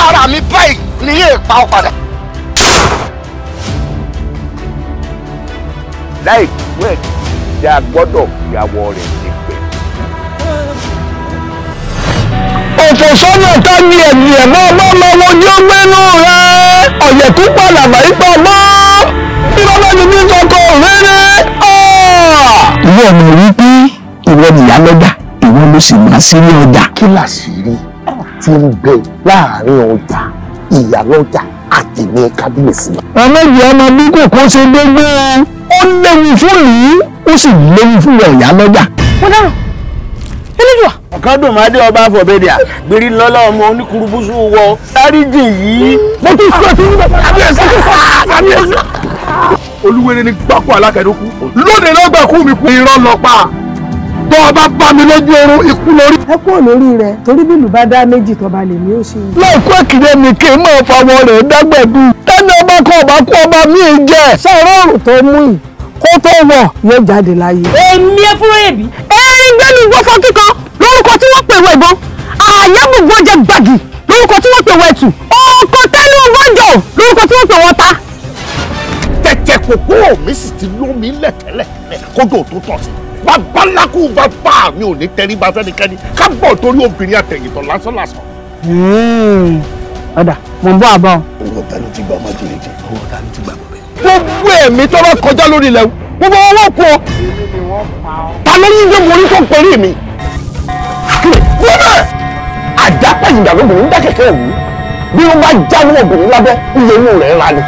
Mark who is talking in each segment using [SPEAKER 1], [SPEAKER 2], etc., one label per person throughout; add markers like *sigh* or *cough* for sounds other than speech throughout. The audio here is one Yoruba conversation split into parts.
[SPEAKER 1] ọwọ́ ara mi báyìí ni yéè pa ọ padà. láìpẹ́ ìjà gbọ́dọ̀ fìyàwó rẹ̀ ní pẹ́.
[SPEAKER 2] òfòsọ́nà tá ní ẹ̀mí ẹ̀ mọ́ ọmọ ọmọ wọn ni ó gbénú rẹ̀ ọ̀yẹ̀kú pàlàbà ipa mọ́ bí bàbá mi ní sọkọ rere. ìwọ ọmọ wípé ìwọ nìyá lọ́jà ìwọ ló sì máa sí ní ọjà. kí làṣírí
[SPEAKER 1] ti ń bẹ láàrin ọjà ìyálọ́jà àti ní
[SPEAKER 2] kábíyèsí. ọlọ́yẹ̀ ọmọ bí kòkó ṣe dégbé ó léwu fún yìí ó sì
[SPEAKER 1] léwu fún ìyálọ́jà. wọ́n dáhùn elédùà. ọ̀kan dùn máa dé ọba àfọ̀bẹ́dẹ́à gbèrí lọ́lá ọmọ oníkurubúsù wọ sáríjì yìí. mo tún sọ sí yín kábíyèsí kábíyèsí. olúwere ni gbáko alákẹ́dókú lóde lọ́gbàkú mi kú irọ́ lọ pa bọ́ ọba bá mi lójú oorun ikú lórí. ẹ kúrò lórí rẹ torí bí
[SPEAKER 2] ìlú bá dá méjì tọba lè ní òṣì.
[SPEAKER 1] lóòkù èkìrẹ́ mi kì í mọ̀ fọwọ́ rẹ̀ dágbẹ̀dù. tẹ́lẹ̀ ọba kan ọba kú ọba mi ì jẹ́. sọ̀rọ̀ òrùn tó mú yìí kó tó wọ̀ yóò jáde láyé. èmi ẹ fúnra èbí. erin gbẹ́nu wọ́fọ́ kíkọ lórúkọ tí wọ́n pè wọ ìbọn àyàbùgbọ́n jẹ gbàgì lórúkọ tí wọ́n pè wọ ẹ̀tù ọkọ̀ tẹ́nu wọ́jọ lórúkọ tí wọ́n pè wọ́n ta. tẹ̀tẹ̀ kòkó mi sì ti lómi
[SPEAKER 2] lẹ̀kẹ́lẹ̀kẹ́lẹ̀
[SPEAKER 1] kójú òtútọ̀ sí i babaláku bàbá mi ò ní tẹríba sẹ́nikẹ́ni ká bọ̀ torí obìnrin àtẹ̀yìntàn lásán lásán. Hmm. ọ̀dà mo ń bọ́ àbọ̀. owó ọ̀tá ló ti gba ọmọ jìnnì jẹ owó ọ̀tá ló ti gba bọ̀bẹ. gbogbo ẹ̀mí tó bá kọjá lórí ilẹ̀ gbogbo owó kú ọ. ta ló ní ìdí morí tó pẹ̀lú mi. bíbẹ̀ àdápẹ̀yìndà lóbìnrin ń dá kẹ̀kẹ́ wù bí wọ́n bá jáwọ́ obìnrin lábẹ́ iye inú rẹ̀ ń ra ni.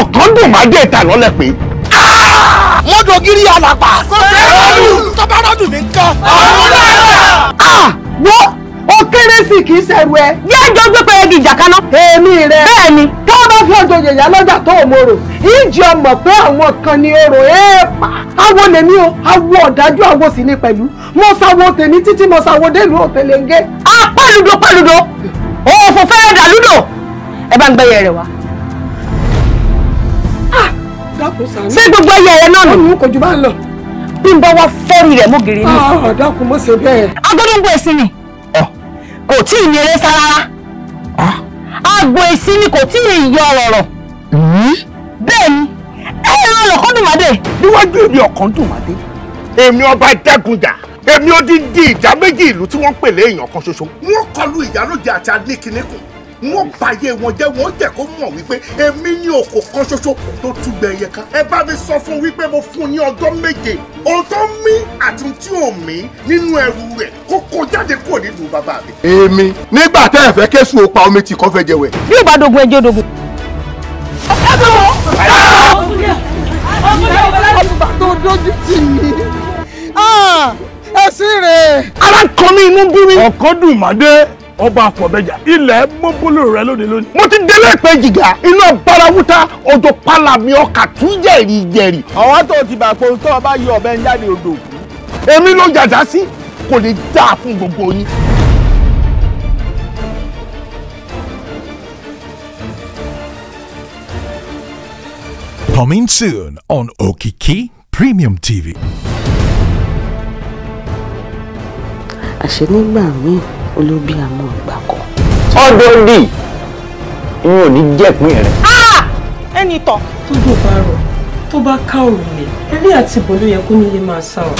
[SPEAKER 1] ọ̀kan dùn má dé ìtàn lọ́lẹ̀ wọ́n dògiri alàpà. kò sẹ́rọ̀lù. tọ́ba rọ́dùn mi nǹkan. ọ̀run a ah, wo o kéré sí kì í ṣẹ̀rù ẹ. bí ẹjọ́ gbé pẹ́ẹ́gì ìjàkaná. èmi rẹ. bẹ́ẹ̀ ni. tó o bá fi ọjọ́ yẹ̀yà lọ́jà tó o mòrò ìjì ọmọ pé àwọn kan ni orò èèpà. awo lèmi o awo ọ̀dájú awo sì ni pẹ̀lú mo ṣàwo tèmi títí mo ṣàwo délùú òtẹ̀lẹ̀ngẹ́. a ah, pàlùdò pàlùdò òfò fẹ́ẹ́ dàlúdò ẹ bá ń gbẹ́yẹ rẹ wá
[SPEAKER 2] ṣé gbogbo ẹyẹ ẹyẹ náà nù. ọ̀hún
[SPEAKER 3] kò jù bá ń lọ. bí n bá wá fọ́ọ̀rì rẹ̀ mú gírí ní. ọ̀dọ́kùn ah, mọ̀ ṣe bẹ́ẹ̀. agbọ́dọ̀gbọ̀ ẹ̀sìn ni kò tí ì ní eré sá rárá. Ah. agbo ẹ̀sìn ni kò tí ì yọ
[SPEAKER 1] ọ̀rọ̀. Hmm? bẹ́ẹ̀ ni ẹ ẹ ràn lọ́kàn dùnmọ́dé. níwájú èmi ọ̀kan dùnmọ́dé èmi ọba jágunjà èmi ó dín dín ìjà méjì ìlú tí wọ́n pèlè èèyàn kan ṣoṣo.
[SPEAKER 4] wọ́n kọlu ìyálójà àti adínkìnnìkùn wọ́n bàyè wọn jẹ́ wọ́n jẹ́ kó mọ̀ wípé èmi ní òkò kan ṣoṣo tó túgbẹ̀ ẹyẹ ká. ẹ bá mi sọ fún wípé mo fún un ní ọjọ́
[SPEAKER 1] méje ohun tó àti tí ò mí nínú ẹrù rẹ̀ kó kó jáde kúrò nínú bàbá mi. èmi nígbà tẹ́ ẹ fẹ́ kéṣù ó omi tì kọ́ fẹ́ jẹwẹ́. bí ìbá dogun ẹjọ́ ẹ bẹ̀ wọ́n. ọkùnrin ọkùnrin ọ̀bẹ̀lá ẹ̀sìn rẹ̀. ara kan mi inú bí mi. ọ̀kan dùn màdé ọba àfọ̀bẹ́jà ilẹ̀ mọ́bólú rẹ lónìí lónìí. mo ti délé pé jìgà iná barawúta ọjọ́ pálami ọkà tún jẹ̀rì jẹ̀rì. ọ̀wá tó ti bà pé tó o bá yọ ọ̀bẹ ń odò òkú. èmi ló jàjà sí kò lè dáa fún gbogbo yín.
[SPEAKER 5] Coming soon on Okiki Premium TV. àṣẹ nígbà míì
[SPEAKER 1] olóbí àmọ́ ìgbà kan. ọdọọdì ìyẹn ò ní jẹ̀pín rẹ̀. Ah! ẹni tọ̀. tójú bá rọ tó bá ká òrùlé eré àti ìbò ló yẹ kó nílé máa sá ọ.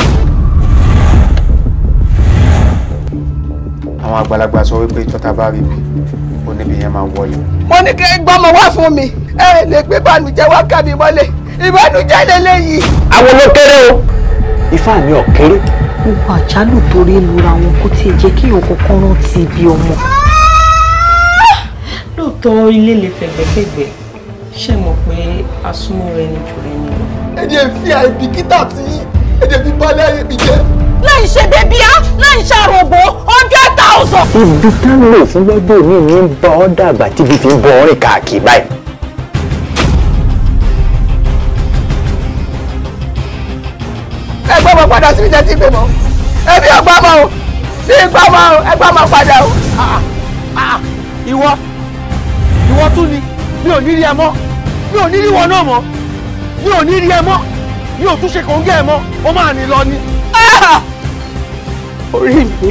[SPEAKER 1] àwọn àgbàlagbà sọ wípé tọ́ta bá rí bi ó níbi yẹn máa wọlé. mo ní kí n gbọ́mọ wá fún mi ẹ lè gbé bànújẹ́ wá kábí mọ́lẹ̀ ìbànújẹ́ lélẹ́yìí. àwọn ló kéré o ifá mi ò kéré gbogbo àjálù torí lura wọn kó tiẹ̀ jẹ́ kí èèyàn kọ́kọ́
[SPEAKER 2] rántí ibi ọmọ.
[SPEAKER 1] lóòótọ́ ilé lè
[SPEAKER 2] fẹ̀gbẹ́fẹ̀gbẹ́
[SPEAKER 1] ṣe mọ̀ pé asúnmọ́ rẹ ni jù rẹ ni. ẹ̀jẹ̀ fi àìbìkítà tí ẹ̀jẹ̀ fi balẹ̀ ayé mi jẹ́. láì ṣe bébíá láì ṣàròbó hundred thousand. ibi tá a lò fún gbẹ́gbẹ́ mi ní bọ́ ọ́ dàgbà tíbi fi ń bọ́ ọ́ rìn káàkiri báyìí. ẹgbẹ́ ọmọ padà sí ìjẹ́ tí gbé mọ́ ẹbí ọgbà mọ́ o bí ìgbà mọ́ o ẹgbẹ́ ọmọ padà o. Ah, ah, ìwọ ìwọ tún ni mi ò ní rí ẹ mọ́ mi ò ní rí wọn náà mọ́ mi ò ní rí ẹ mọ́ mi ò tún ṣe kòńgẹ́ ẹ mọ́ ó máa nì lọ ni. Ah, orí mi.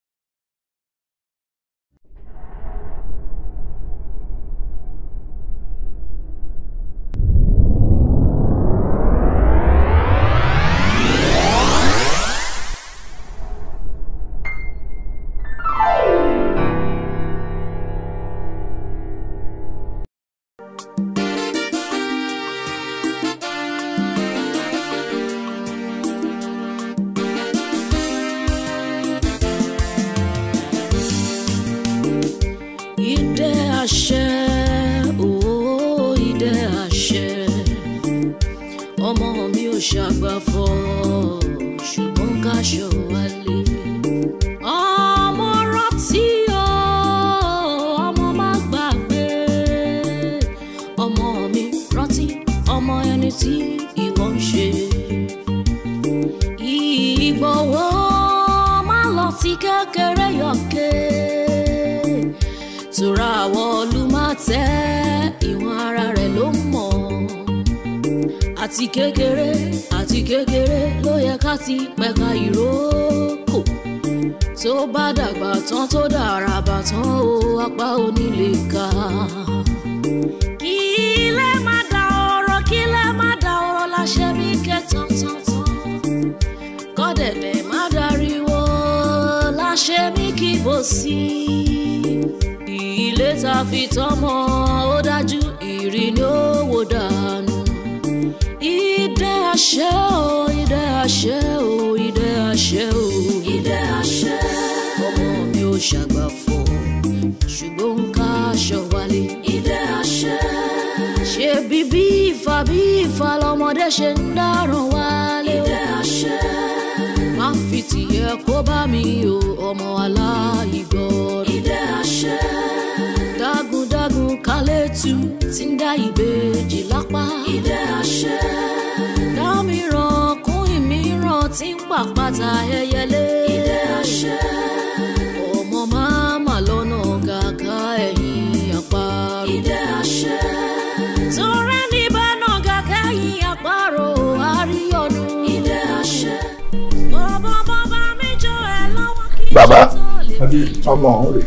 [SPEAKER 2] ọmọ ọ̀hún rè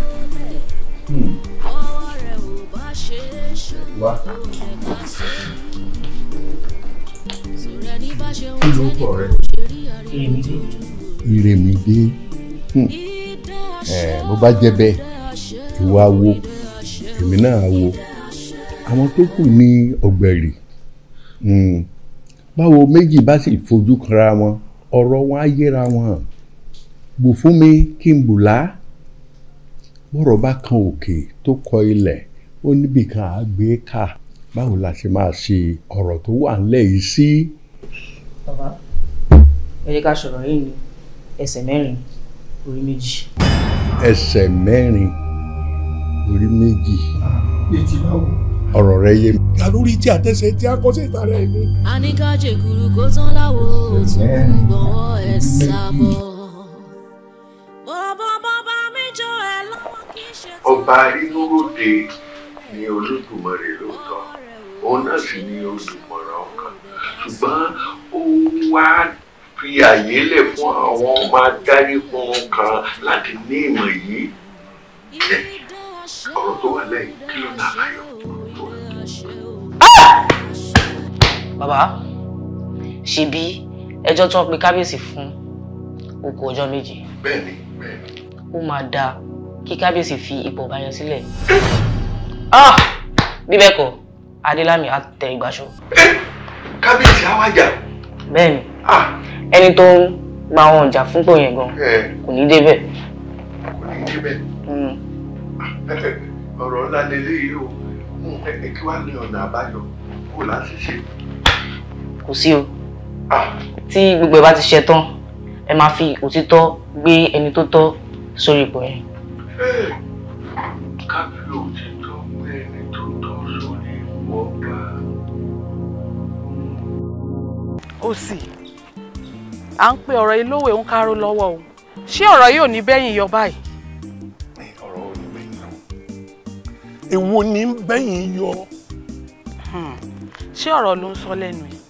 [SPEAKER 2] hmm. wá.
[SPEAKER 3] kí ló pọ̀ rẹ.
[SPEAKER 1] ìrèmídé hmm. bó bá jẹ́ bẹ́ẹ̀ ìwà wo èmi náà wo àwọn tó kù ní ọ̀gbẹ̀rì hmm. báwo méjì bá sì fojú kanra wọn ọ̀rọ̀ bọ́rọ̀ bá kan òkè tó kọ ilẹ̀ ó níbìkan àá gbé ká báwo la ṣe máa ṣe ọ̀rọ̀ tó wà ńlẹ̀ yìí sí.
[SPEAKER 3] bàbá ẹ jẹ́ ká sọ̀rọ̀ yìí ní ẹsẹ̀ mẹ́rin
[SPEAKER 4] orí méjì.
[SPEAKER 1] ẹsẹ̀ mẹ́rin orí méjì.
[SPEAKER 4] èjì báwo. ọ̀rọ̀ rẹ yé mi. àlórí tí àtẹ̀sẹ̀ tí a kọ́ sí ìta rẹ̀ ni. a
[SPEAKER 3] ní ká jèkúrú kó tán láwo òtún gbọ́wọ́ ẹ̀ sábọ̀.
[SPEAKER 5] ọba arínúròde
[SPEAKER 4] ni olódùmarè lóòótọ́ òun náà sì ni olùmọ̀ràn ọkàn ṣùgbọ́n
[SPEAKER 1] ó wá fi àyè lẹ̀ fún àwọn ọmọ adarí fún kan
[SPEAKER 4] láti ní ìmọ̀ yìí ọ̀rọ̀ tó wà lẹ́yìn kí ló nà láyọ̀.
[SPEAKER 3] bàbá ṣebí ẹjọ́ tí wọ́n pe kábíyèsí fún ó kù ọjọ́ méje. bẹ́ẹ̀ni bẹ́ẹ̀ni. ó máa dáa kí kábíyèsí fi ipò ọba yẹn sílẹ̀. Ah! bí bẹ́ẹ̀ kọ́ adélámì á tẹ ìgbàṣọ. Eh! kábíyèsí
[SPEAKER 4] á wá
[SPEAKER 1] jà.
[SPEAKER 3] bẹ́ẹ̀ni ah! ẹni tó ń gba àwọn ọjà fúnpò yẹn gan eh! kò ní débẹ̀. kò ní débẹ̀
[SPEAKER 1] hmm. ah! eh, ọ̀rọ̀ ńlá lélẹ́yìí
[SPEAKER 3] o hmm, kí wàá ní ọ̀nà àbáyọ kó láti ṣe. kò sí o tí gbogbo ẹ bá ti ṣe tán ẹ máa fi òtítọ́ gbé ẹni
[SPEAKER 4] tó tọ́ sórí ipò yẹn káfí òtítọ́ mú ẹni tó tọ́
[SPEAKER 1] sórí ìwọ bá. ó sì à ń pe ọ̀rọ̀ ilówó ń kárò lọ́wọ́ o ṣé ọ̀rọ̀ yóò ní bẹ́yìn yọ báyìí. ọ̀rọ̀ ò ní bẹ́yìn yọ èwo ni ń bẹ́yìn yọ. Hmm. ṣé ọ̀rọ̀ ló ń sọ lẹ́nu yìí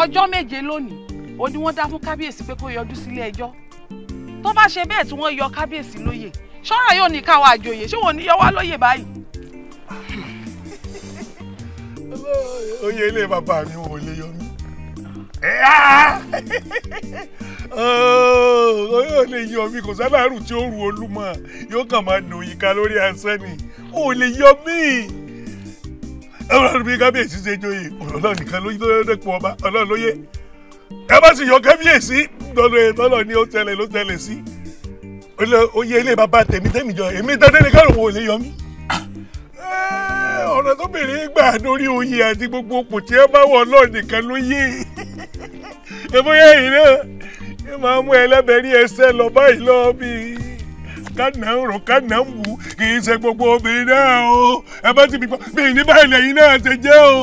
[SPEAKER 1] ọjọ́ méje lónìí ó ní wọ́n dá fún kábíyèsí pé kó yọjú sílé ẹjọ́ tó bá ṣe bẹ́ẹ̀ tí wọ́n yọ kábíyèsí lóyè ṣọ́ra yóò ní káwa àjòyè ṣé wọn ò ní yọ wá lóyè báyìí.
[SPEAKER 4] *laughs* oyè ilé bàbá mi wò lè yọ mí. *laughs* Oh, oyè ò lè yọ mí kò sálárù tí ó ru olúmọ yóò kàn máa dùn yíká lórí asán ni ò lè yọ mí. ọlọ́run bí kábíyèsí ṣe joyè ọlọ́run nìkan ló yẹ ọlọ́run lóye ẹ bá sì yọ kábíyèsí lọ́nà ìtọ́nà ni ó tẹ̀lé ló tẹ̀lé sí oyè ilé bàbá tèmi tèmi jọ èmi tẹ́tẹ́ ní kárùn ò yọ mí. ọ̀nà tó bèrè gbà lórí oyè àti gbogbo òkùn tí ẹ bá wọ̀ náà nìkan ló yé e bóyá èyí náà ẹ máa mú ẹlẹ́bẹ̀ẹ́rí ẹsẹ̀ lọ báyìí lọ bíi kánà ń rò kánà ń wù kì í ṣe gbogbo obìnrin náà o ẹ bá ti bí gbọ́ bí ní báyìí lẹ́yìn náà ṣe jẹ́ o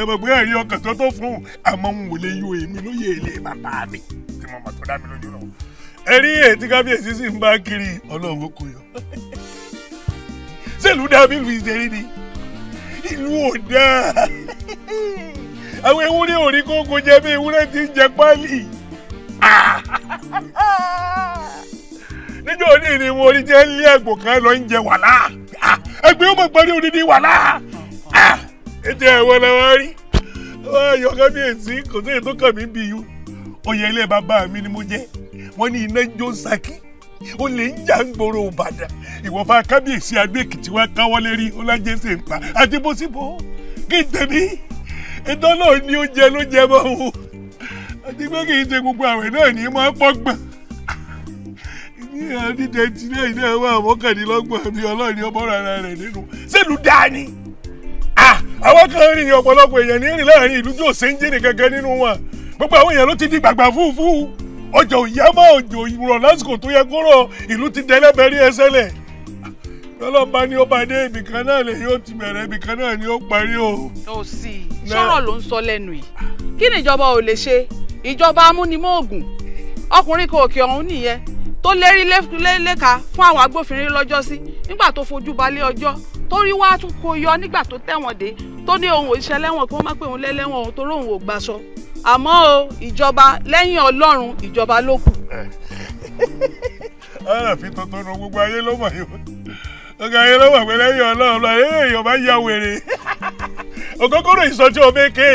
[SPEAKER 4] ẹ mọ̀ pé ẹ̀rí ọkàn tó tó fún un àmọ́ ń wò lè yọ èmi lóye èlé bàbá mi tí mo mọ̀ tó dá mi lójú náà ẹ̀rí ètí kábíyèsí sì ń bá kiri ọlọ́run kò yọ sẹ́lù dàbí lu ìṣeré ni ìlú ò dáa àwọn ewúrẹ́ ò rí kókó jẹ bí ewúrẹ́ ti ń jẹ páálí. ọjọ́ òní ni mo rí jẹ́ ilé ẹ̀gbọ́n kan lọ ń jẹ wàhálà ẹgbẹ́ ó mọ̀ pé ní odidi wàhálà ètò ẹ̀wọ̀n la wá rí wọ́n ayọ̀ kábíyèsí kò sí ètò kàn mí bí yú oyè ilé bàbá mi ni mo jẹ́ wọ́n ní iná jó saki ó lè ń jà ń gbòòrò Ìbàdàn ìwọ̀fà kábíyèsí adó Èkìtì wa káwọ́ lérí ọlájẹ́ ṣe ń pa àti bó sì bọ́ kí n tẹ̀mí ìtọ́ náà ní oúnjẹ ló jẹ mọ́ òun àti pé kì í ṣe gbogbo àwẹ̀ náà ní máa pọ́gbọ́n. ní twenty nine náà wà mọ́kàndínlọ́gbọ̀n mi ọlọ́ọ̀ni ọmọ rárá rẹ̀ nínú sẹ́nu dání. àwọn kan rìn ọ̀pọ̀lọpọ̀ èèyàn ní rìn láàrin ìlú tí ò nínú wọn gbogbo ti di gbàgbà fúfú ọjà òyà má òjò lásìkò tó yẹ ìlú ti ni ó bá dé ibìkan náà lè yóò ti bẹ̀rẹ̀ ibìkan náà ni ó
[SPEAKER 1] tó lérí léka fún àwọn agbófinró lọ́jọ́ sí nígbà tó fojú balẹ̀ ọjọ́ tó rí wá tún kó yọ nígbà tó tẹ̀wọ̀n dé tó ní òun òṣìṣẹ́ lẹ́wọ̀n kí wọ́n má pè òun lẹ́lẹ́wọ̀n òun torí òun ò gbaṣọ àmọ́ o ìjọba lẹ́yìn ọlọ́run ìjọba ló kù.
[SPEAKER 4] *laughs* ara fi tuntun nu gbogbo ayé ló yìí ọ̀gá yẹn ló wà pé lẹ́yìn ọlọ́run lọ ẹ̀ èèyàn bá ya wèrè ògógóró ìsọjí ọmọ èké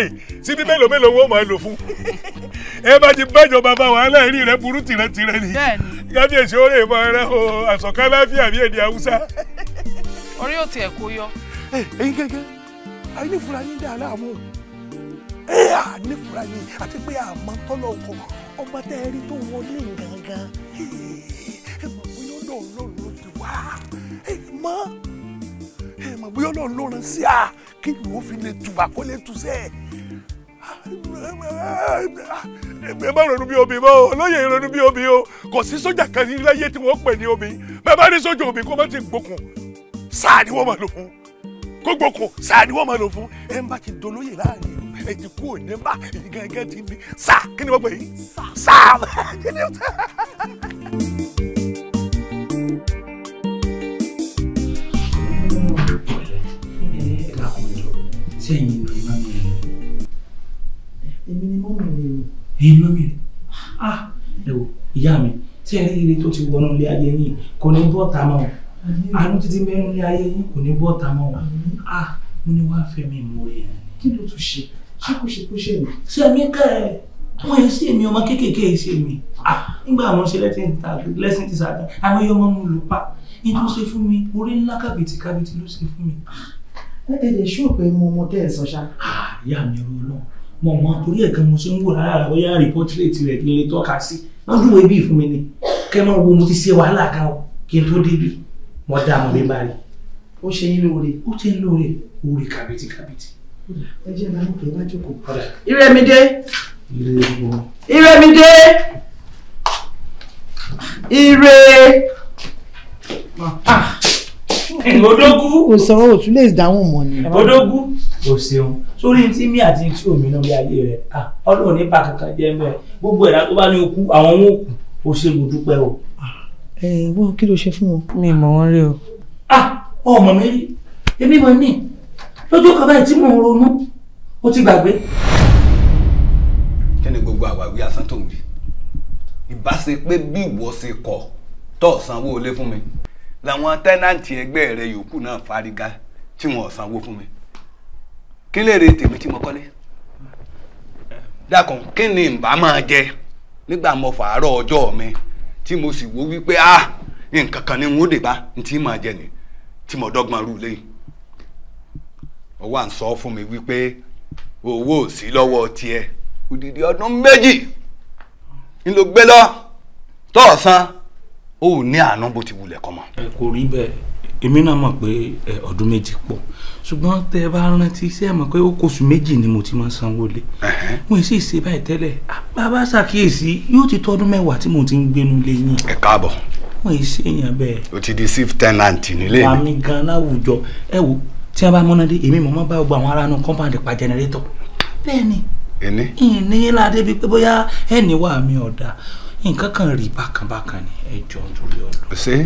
[SPEAKER 4] sí bí mélòó mélòó wọn máa lò fún ẹ bá ti bẹ́jọba bá wàhálà ẹ̀rí rẹ burú tìrẹtìrẹ ni kábíyèsí ó lè mọ ẹrẹ o àsọ̀ká láfíà bí èdè haúsá.
[SPEAKER 1] orí ò tiẹ̀ kó yọ. ẹyin gẹ́gẹ́ ayé ní fúra yín dá aláàmú
[SPEAKER 4] ẹ à ní fúra yín àti pé àmọ́ tọ́lọ̀ ọkọ̀ ọmọ tẹ́ ẹ rí tó wọlé gangan ẹ mọ̀ pé yóò lọ́ọ̀ lọ́ọ̀ ló ti wá mọ́ ẹ mọ̀ bóyá ọlọ́run ló ràn sí à kí ni wọ́n fi lè tùbà kó lè tù sẹ́ẹ̀. ẹ má ronú bí obì mọ́ o olóyè ronú bí obì o kò sí sójà kan ní láyé tí wọ́n pè ní obì bẹ́ẹ̀ bá ní sójà obì kó má ti gbókun sáà ni wọ́n máa lò fún gbogbo kò sáà ni wọ́n máa lò fún ẹ ń bá ti dolóyè láàrin ìlú ẹ ti kú òní bá gángan ti bí sáà kí ni wọ́n pè yí sáà kí ni wọ́n pè yí.
[SPEAKER 6] sẹ́yìn ló ìmọ̀ mi rẹ̀. èmi ni mọ́mì
[SPEAKER 1] mi o. èyí mọ́mì rẹ̀ ah ẹ wo ìyá mi tí ẹ rí ire tó ti wọnú ilé ayé yín kò ní bọ́ ta mọ́ o àánú títí mẹ́rin ilé ayé yín kò ní bọ́ ta mọ́ o ah mo ní wàá fẹ́ mi mú rẹ̀ kí ló tún ṣe ṣé kò ṣe kó ṣe mi. sẹ́mi kẹ́ ẹ̀ wọ́n yẹn sí èmi ọmọ kéékèèké yìí sí èmi ah, nígbà àwọn ṣe lẹ́sìn ti sàdá àwọn ẹyọ ọmọ mi lò pa nítorí fún mi orí ńlá kàbìtì kàbìtì ló ṣe fún mi ẹ lè ṣó pé mo mọ tẹ́ ẹ sọ ṣá. ìyá mi ro náà mo mọ torí ẹ̀ gan mo ṣe ń wò rárá ó yára rìpọ́tírètì rẹ̀ kí n lè tọ́ka sí wọ́n dùn ebi fún mi ni kẹ́ máa wo mo ti ṣe wàhálà kan o kí n tó débi mo dá mo lè bá rí. ó ṣe yín lóore. ó ṣe ń lóore orí kàbìtì kàbìtì. ẹ jẹ́ ìbámu pé wá jókòó. ìrẹ́mídé.
[SPEAKER 2] ìrẹ́mídé.
[SPEAKER 1] ire. ah odógú. kò sọ̀rọ̀ òtún lè dáhùn mọ́ ni. odógú o ṣeun sórí tí mi àti tí omi náà bí ayé rẹ ọlọ́run nípa kankan jẹ́ mẹ́ẹ̀ gbogbo ẹ̀dá tó bá ní okú àwọn ohun òkú o ṣe mo dúpẹ́ o. ẹ wọ́n kí ló ṣe fún wọn. mi mọ̀ wọ́n rí o. ah ọmọ mi rí èmi mọ̀ ní lójú kan báyìí tí mò ń ronú ó ti gbàgbé. kí ni gbogbo àwàwí asán tó ń bì ìbá ṣe pé bí ìwọ ṣe kọ̀ tó sanwó ilé fún mi làwọn tẹ́nàntì ẹgbẹ́ rẹ yòókù náà fárígá tí wọ́n sanwó fún mi kí lè re tèmi tí mo kọ́lé dákun kí ni n bá máa jẹ nígbà mo fàárọ̀ ọjọ́ mi tí mo sì wo wípé a nǹkan kan ni n ó dè bá n tí máa jẹ ni tí mo dọ́gbọ́n rú lẹ́yìn ó wá ń sọ fún mi wípé owó ò sí lọ́wọ́ tiẹ̀ odidi ọdún méjì ń lo ọ̀sán o ò ní àánú bó ti wulẹ̀ kọ́ mọ́. ẹ kò rí bẹ́ẹ̀ èmi náà mọ̀ pé ọdún méjì pọ̀ ṣùgbọ́n tẹ bá rántí sí ẹ̀ mọ̀ pé ó kóṣù méjì ni mo ti máa sanwó lé wọn sì ṣe báyìí tẹ́lẹ̀ bàbá ṣàkíyèsí yóò ti tọ́dún mẹ́wàá tí mo ti ń gbénu lé yín. ẹ káàbọ̀ wọn yìí ṣèyàn bẹ́ẹ̀. o ti di chief tenant nílé mi. àmì gan láwùjọ ẹ wo tí a bá mọ́ná dé èmi mọ̀ mọ́ bá gbogbo àwọn ará inú compound pa generator bẹ́ẹ̀ ni ìní ìní ládé bíi pé bóyá ẹnì wà mí ọ̀dà nǹkan kan rí bákan bákan ni ẹ jọ nítorí ọdún. ṣé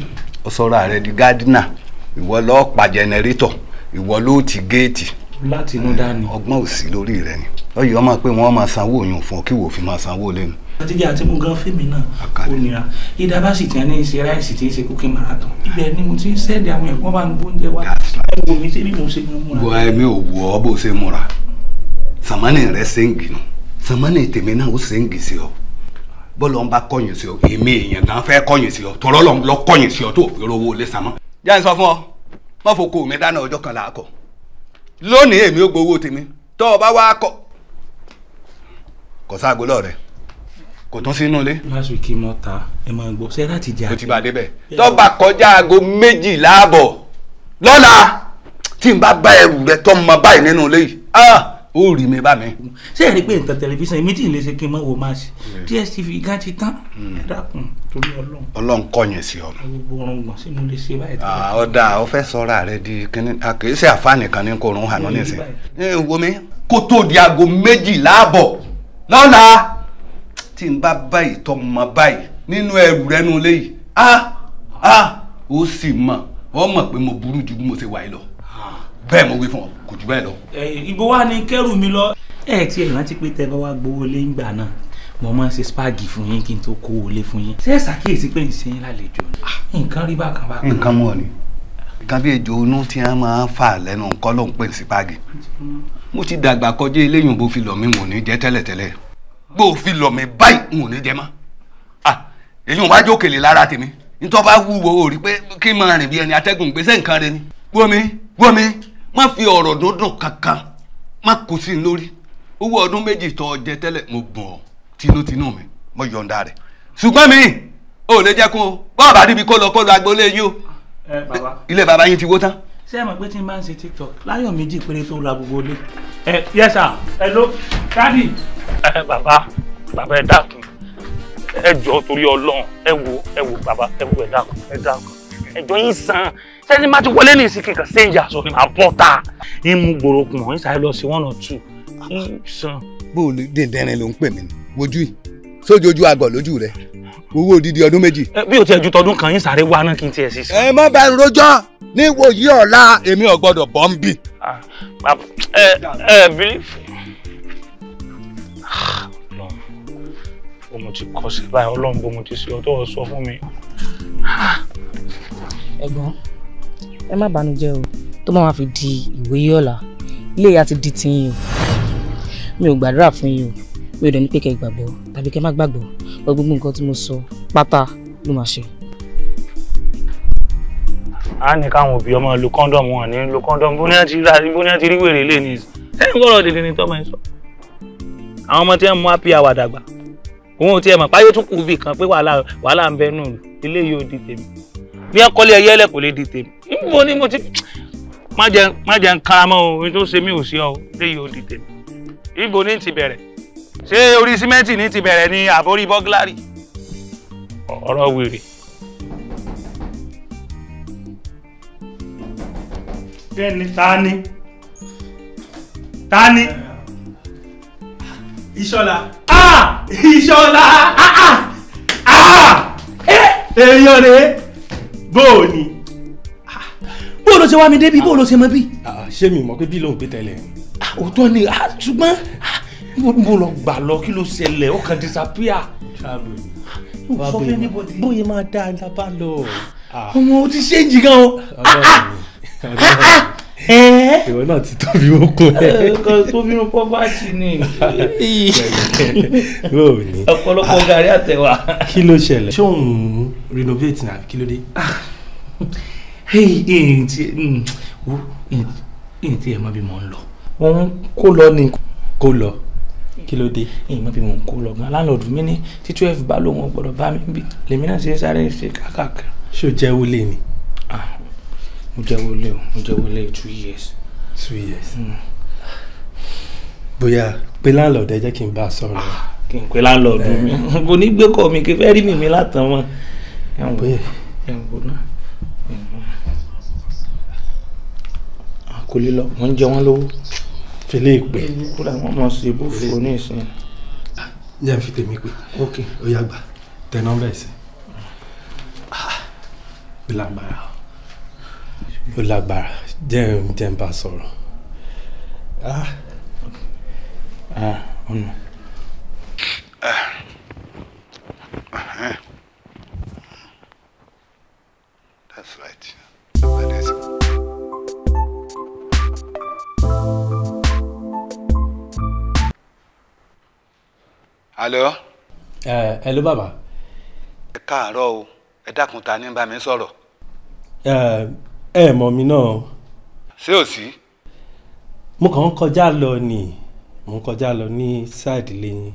[SPEAKER 1] o sọ̀rọ̀ ààrẹ di gádínà ìwọ lọ́ọ́ pa jẹnẹrétọ̀ ìwọ ló ti géètì. láti inú dání. ọgbọ́n ò sí lórí rẹ ni lọ́yọ̀ ọmọ pé wọ́n máa sanwó òyìn fún ọ kí wò ó fi máa sanwó lẹ́nu. àtijọ́ àti mú gan fèmí náà ó nira ìdá bá sì ti ẹni ṣe ráìsì tí ń ṣe kókè marathon ibẹ̀ ni mo ti ń sẹ́ẹ̀dì àwọn ẹ̀kọ́ máa ń gbóúnjẹ wá ẹ̀wọ̀n mi ṣe bí mo ṣe ń múra. wọ ẹmí ò wọ ọ bó ṣe múra sàmánì rẹ ṣe ń gìn sàmánì tèmi náà ó ṣe ń gìn sí ọ bọ́lọ̀ ń bá kọ̀yìn sí ọ èmi èèyàn gan fẹ́ kọ̀yìn sí ọ tọ̀rọ̀ lọ lọ kọ̀yìn sí ọ tó fi rówó lé sàmọ́. jẹ́ n sọ fún ọ má foko mi dáná ọjọ́ kan là á kọ lónìí èmi ó gbowó tèmi tọ́ ọ bá wá kọ. kò sáàgbó lọ rẹ kò tún sínú ilé. láṣù kí mo ta ẹ máa gbọ́ ṣe láti jà. o ti bá a débẹ̀ tọ́ba kọjá aago méjì láàbọ̀ lọ́la tí n bá bá ẹrù rẹ tọ́ mọ báyìí nínú ilé yìí. Ah! ó rí mi bá mi. ṣé ẹ rí i pé nǹkan tẹlifíṣàn èmi tí ì lè ṣe kí n mọ wò máa ṣe DSTV gan ti tán hmm. ẹ dákun torí Ọlọ́run. Ọlọ́run kọyìn sí ọ. gbogbo ọrùn gbọ̀n sí mo lè ṣe báyìí. ọ̀dà ah, ó fẹ́ sọ́ra rẹ di kíní kìí ṣe àfáàní kan ní korun hànú nísìn. ẹ eh, wo mi kó tó di aago méjìlá àbọ̀ lọ́la tí n bá báyìí tọ́ mọ báyìí nínú ẹrù rẹ nu léyìí ah ah ó sì mọ̀ ọ́ mọ̀ pé mo burú ju bí mo ṣe wà yìí lọ bẹ́ẹ̀ mo wí fún ọ kò jù bẹ́ẹ̀ lọ. ibo wa ni kẹ́rù mi lọ. ẹ ti ẹ rántí pé tẹ bá wá gbowó lé ńgbà náà mo máa ń ṣe spagi fún yín kí n tó kó o lé fún yín. ṣé ṣàkíyèsí pé ń ṣe yín lálejò ni. Ah, nǹkan rí bákan bákan. nǹkan mọ̀ ni nǹkan bí ejò inú tí wọ́n máa ń fà lẹ́nu nǹkan ló ń pè ní spagi. mo ti dàgbà kọjá eléyìí bó fi lọ mi wò ní jẹ tẹ́lẹ̀tẹ́lẹ̀ bó fi lọ mi báyìí wò ní jẹ mọ́. Ah, èyí ò bá jókèlè lára tèmi nítorí bá wúwo ò rí pé kí n máa rìn bí ẹni atẹ́gùn gbèsè nǹkan rẹ ni. wọ́n mi wọ́n mi má fi ọ̀rọ̀ dúndùn kankan má kó sí i lórí owó ọdún méjì tó ọ jẹ tẹ́lẹ̀ mo bùn ọ tinútinú mi mo yọ̀ǹda rẹ̀ ṣùgbọ́n mi ò lè jẹ́ kó o bọ́ọ̀ bá níbi kó lọ kó lọ agboolé yín o ilé bàbá yín ti wó tán. ṣé ẹ mọ̀ pé tí n bá ń ṣe tiktok láyọ̀ méjì péré tó ra gbogbo ilé. ẹ yẹ sà ẹ ló dádì. ẹ bàbá bàbá ẹ dákun ẹ jọ torí Ọlọ́run ẹ wo ẹ wo bàbá ẹ wo ẹ dákun ẹ dákun ẹ jọ yín sàn sẹ́ni má ti wọlé ní ìsìnkì kan sẹ́yìn aṣọ ni màá bọ́ ta ń mú gbòòrò kùn ọ́ ìsàlẹ̀ lọ sí one or two. bóòlù dèndẹ́rin ló ń pè mí wojú yìí sójoojú àgọ̀ lójú rẹ̀ owó odidi ọdún méjì. bí o ti ẹjú tọdún kan yín sáré wá náà kí n tiẹ̀ sí. ẹ má bá ń rojọ́ ní ìwòyí ọ̀la èmi ò gbọ́dọ̀ bọ́ ń bì. ẹ ẹ bí. bó mo ti kọ́ sí báyìí ọlọ́run bó mo ti ṣe ọtọ́ sọ fún mi.
[SPEAKER 3] ẹ̀gbọ́n ẹ má bànújẹ́ o tó má máa fi di ìwòye ọ̀la ilé ìyá ti di tiyín o mi ò gbàdúrà fún yín o mi ò dẹ̀ ní pé kẹ́ gbàgbọ́ tàbí kẹ́ má gbàgbọ́ gbogbo nǹkan tí mo sọ pátá ló máa ṣe.
[SPEAKER 1] a ní káwọn òbí ọmọ lo kọ́ńdọ̀mù wọn ní lo kọ́ńdọ̀mù bóní àti rí bóní àti rí wèrè lé ní ẹ ń gbọ́dọ̀ dèdè ní tọ́mọ ẹ sọ. àwọn ọmọ tí wọn mú happy hour dàgbà òun ò tiẹ̀ mọ̀ páyé tún kù bì kan pé wàhálà ń bẹ nù ilé yóò bí ẹ kọ́lé ẹyẹ ẹlẹ́ kò lè di tèmi níbo ni mo ti má jẹ má jẹ nkaramọ́ o ohun tó ṣe mí ò sí ọ léyìí ò di tèmi níbo ni ti bẹ̀rẹ̀ ṣé orí símẹ́ǹtì ni ti bẹ̀rẹ̀ ni àbórí bọ́gláàrì ọ̀rọ̀ wèrè. kẹ́ni tani tani ìṣọ́lá ah ìṣọ́lá ah ah ah eh! èèyàn rèé bóò ni. Ah, bóò ló ṣe wá mi débi bóò ló ṣe mọ bí. Ah, ṣé mi mọ̀ pé bí lóun gbé tẹ́lẹ̀. Ah, òótọ́ ni ṣùgbọ́n mo lọ gbà lọ kí ló ṣẹlẹ̀ ó kàn disappear. sọ fẹ́ níbodè. bóyá máa dá a lábá lọ. ọmọ o ti ṣe é jì gan o
[SPEAKER 6] ìwọ náà ti tóbi okun ẹ.
[SPEAKER 1] tóbi nu pọ́fàtì ni. ọ̀pọ̀lọpọ̀ gàrí àtẹ̀wà.
[SPEAKER 6] kí ló ṣẹlẹ̀ ṣé òun renovate ni àbí kí ló dé. ìyìn tí ẹ mọ bí mo ń lọ. wọ́n kó lọ ni kó lọ kí ló dé. ìyìn mọ bí mo ń kó lọ gan láńlọ́ọ̀dù mi ní tí twelve bá lòun gbọ́dọ̀ bá mi bí lèmi náà ṣe ń
[SPEAKER 1] sáré ṣe kákàkà.
[SPEAKER 6] ṣé o jẹ́ wọlé ni mo jẹ́wọ́ lé o mo
[SPEAKER 1] jẹ́wọ́ lé two years.
[SPEAKER 6] two years. Hmm. bóyá pé láńlọ́ọ̀dù ẹ jẹ́ kí n bá a sọ̀rọ̀.
[SPEAKER 1] Ah, kí n pé láńlọ́ọ̀dù mi eh. *laughs* kò ní gbé kọ́ mi kí fẹ́ rí mímí
[SPEAKER 6] látàn wọn. bóyá ẹ̀ ń wò náà. kò lè lọ wọn jẹ wọn lówó fẹlẹ ìpè kúrò àwọn ọmọ sí ibú fún ní ìsìn. jẹ́ fi tèmi pé ok ó yá gbà tẹ nọ́mbà ẹ̀sìn. Ah, bí lágbára o ó lágbára jẹ́ jẹ́ n bá sọ̀rọ̀ ah. Ah, ọ̀nà. That's right.
[SPEAKER 1] That is it. Alo. Ẹ ló bàbá. Ẹ káàárọ̀ o, ẹ dákun ta ni bá mi sọ̀rọ̀.
[SPEAKER 6] Eh, ẹ mọ̀ mi náà ṣé ò sí. mo kàn ń kọjá lọ ni mo ń kọjá lọ ní sáìdì lẹ́yìn